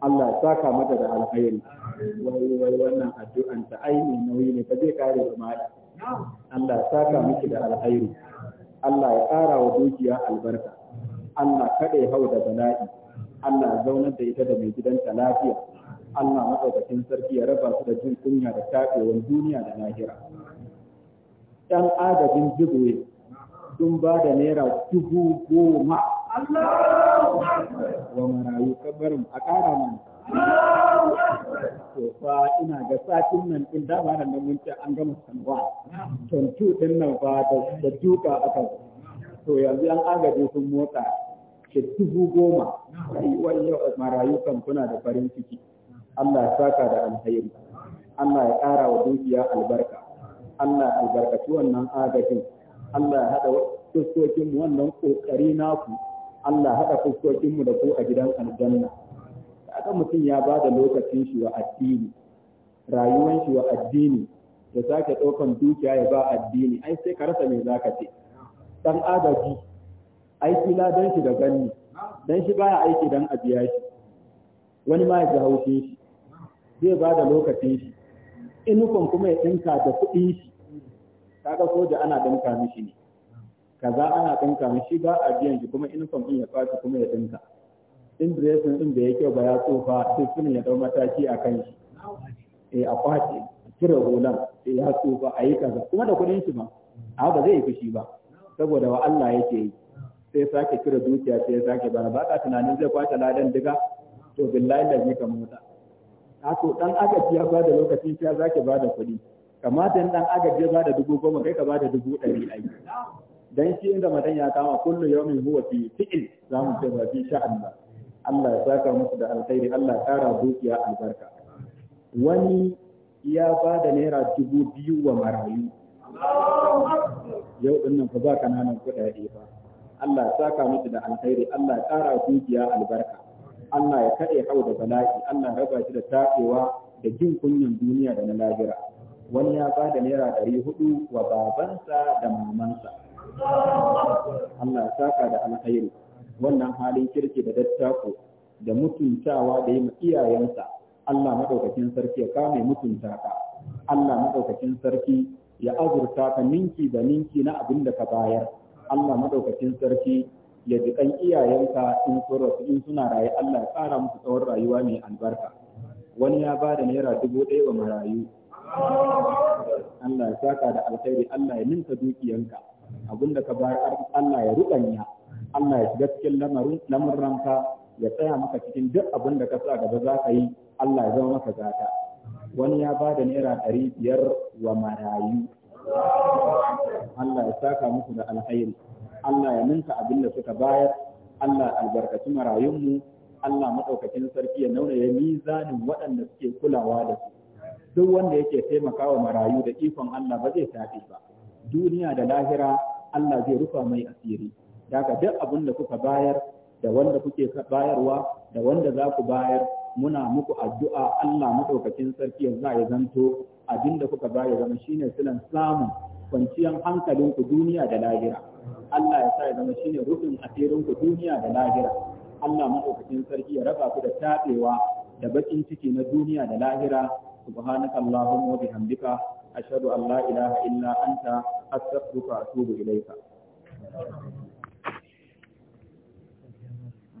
Allah ya saka mata da alkhairi wai wai wannan addu'an ta ai ne nauyi ne ba zai kare ba mala Allah ya saka miki da alhairi Allah ya ƙara wa dukiya albarka Allah kada ya hau da bala'i Allah ya zaunar da ita da mai gidanta lafiya Allah maɗaukakin sarki ya raba su da jin kunya da taɓewar duniya da lahira ɗan adabin jigoye sun ba da naira dubu goma wa marayu kabarin a ƙara mana to fa ina ga satin nan in da ba nan mun ce an gama sanwa tontu din nan fa da duka aka to yanzu an agaje sun motsa ke dubu goma wani marayu kan kuna da farin ciki Allah ya saka da alhairi Allah ya ƙara wa dukiya albarka Allah albarkaci wannan agajin Allah ya haɗa fuskokinmu wannan ƙoƙari naku Allah haɗa fuskokinmu da ku a gidan aljanna ga mutum ya ba da lokacin shi wa addini rayuwan shi wa addini da sake ɗaukan dukiya ya ba addini ai sai ka rasa mai zaka ce dan adabi aiki na dan shi da ganni dan shi baya aiki dan a biya shi wani ma ya ji haushin shi zai ba da lokacin shi kuma ya ɗinka da kuɗin shi kaga soja ana ɗinka mishi ne kaza ana ɗinka mishi ba a biyan shi kuma inifom ɗin ya fashi kuma ya ɗinka in dressing din da ya kyau ba ya tsofa sai sunan ya dau mataki a kan shi eh a kwace kira hulan eh ya tsofa a yi kaza kuma da kudin shi ba a ba zai yi fushi ba saboda wa Allah yake yi sai sake kira dukiya sai ya sake bana ba ka tunanin zai kwace ladan diga to billahi da zai kamar wuta a to dan agaji ya da lokacin ya zake da kuɗi kamata in dan agaji ya da dubu goma kai ka ba da dubu ɗari ai dan shi inda madan ya kama kullu yawmin huwa fi fi'il zamu ce ba fi sha'an ba Allah ya saka musu da alkhairi Allah ya ƙara dukiya albarka wani ya ba da naira dubu biyu wa marayu yau din nan fa ba kananan kuɗaɗe ba Allah ya saka musu da alkhairi Allah ya ƙara dukiya albarka Allah ya kaɗe hau da bala'i Allah ya raba shi da taɓewa da jin kunyan duniya da na lahira wani ya ba da naira ɗari hudu wa babansa da mamansa Allah ya saka da alkhairi wannan halin kirki da dattako da mutuntawa da yi iyayensa Allah maɗaukakin sarki ya kame mutunta ka Allah maɗaukakin sarki ya azurta ka ninki da ninki na abin da ka bayar Allah maɗaukakin sarki ya ji kan iyayenka in su in suna raye Allah ya tsara musu tsawon rayuwa mai albarka wani ya ba da naira dubu ɗaya wa marayu Allah ya saka da alkhairi Allah ya ninka dukiyanka abinda ka bayar Allah ya ruɓanya Allah ya shiga cikin lamuranka ya tsaya maka cikin duk abin da ka sa gaba za ka yi Allah ya zama maka gata wani ya ba da naira ɗari biyar wa marayu Allah ya saka musu da alhairi Allah ya ninka abin da suka bayar Allah albarkaci marayunmu Allah maɗaukakin sarki ya nauna ya mizanin waɗanda suke kulawa da su duk wanda yake taimakawa marayu da ikon Allah ba zai tafi ba duniya da lahira Allah zai rufa mai asiri daga duk abin da kuka bayar da wanda kuke bayarwa da wanda za ku bayar muna muku addu'a Allah maɗaukakin sarki ya za ya zanto abin da kuka bayar zama shine silan samun kwanciyar hankalinku duniya da lahira Allah ya sa ya zama shine rufin ku duniya da lahira Allah maɗaukakin sarki ya raba ku da taɓewa da bakin ciki na duniya da lahira subhanaka allahumma wa bihamdika ashhadu an la ilaha illa anta astaghfiruka wa atubu ilayka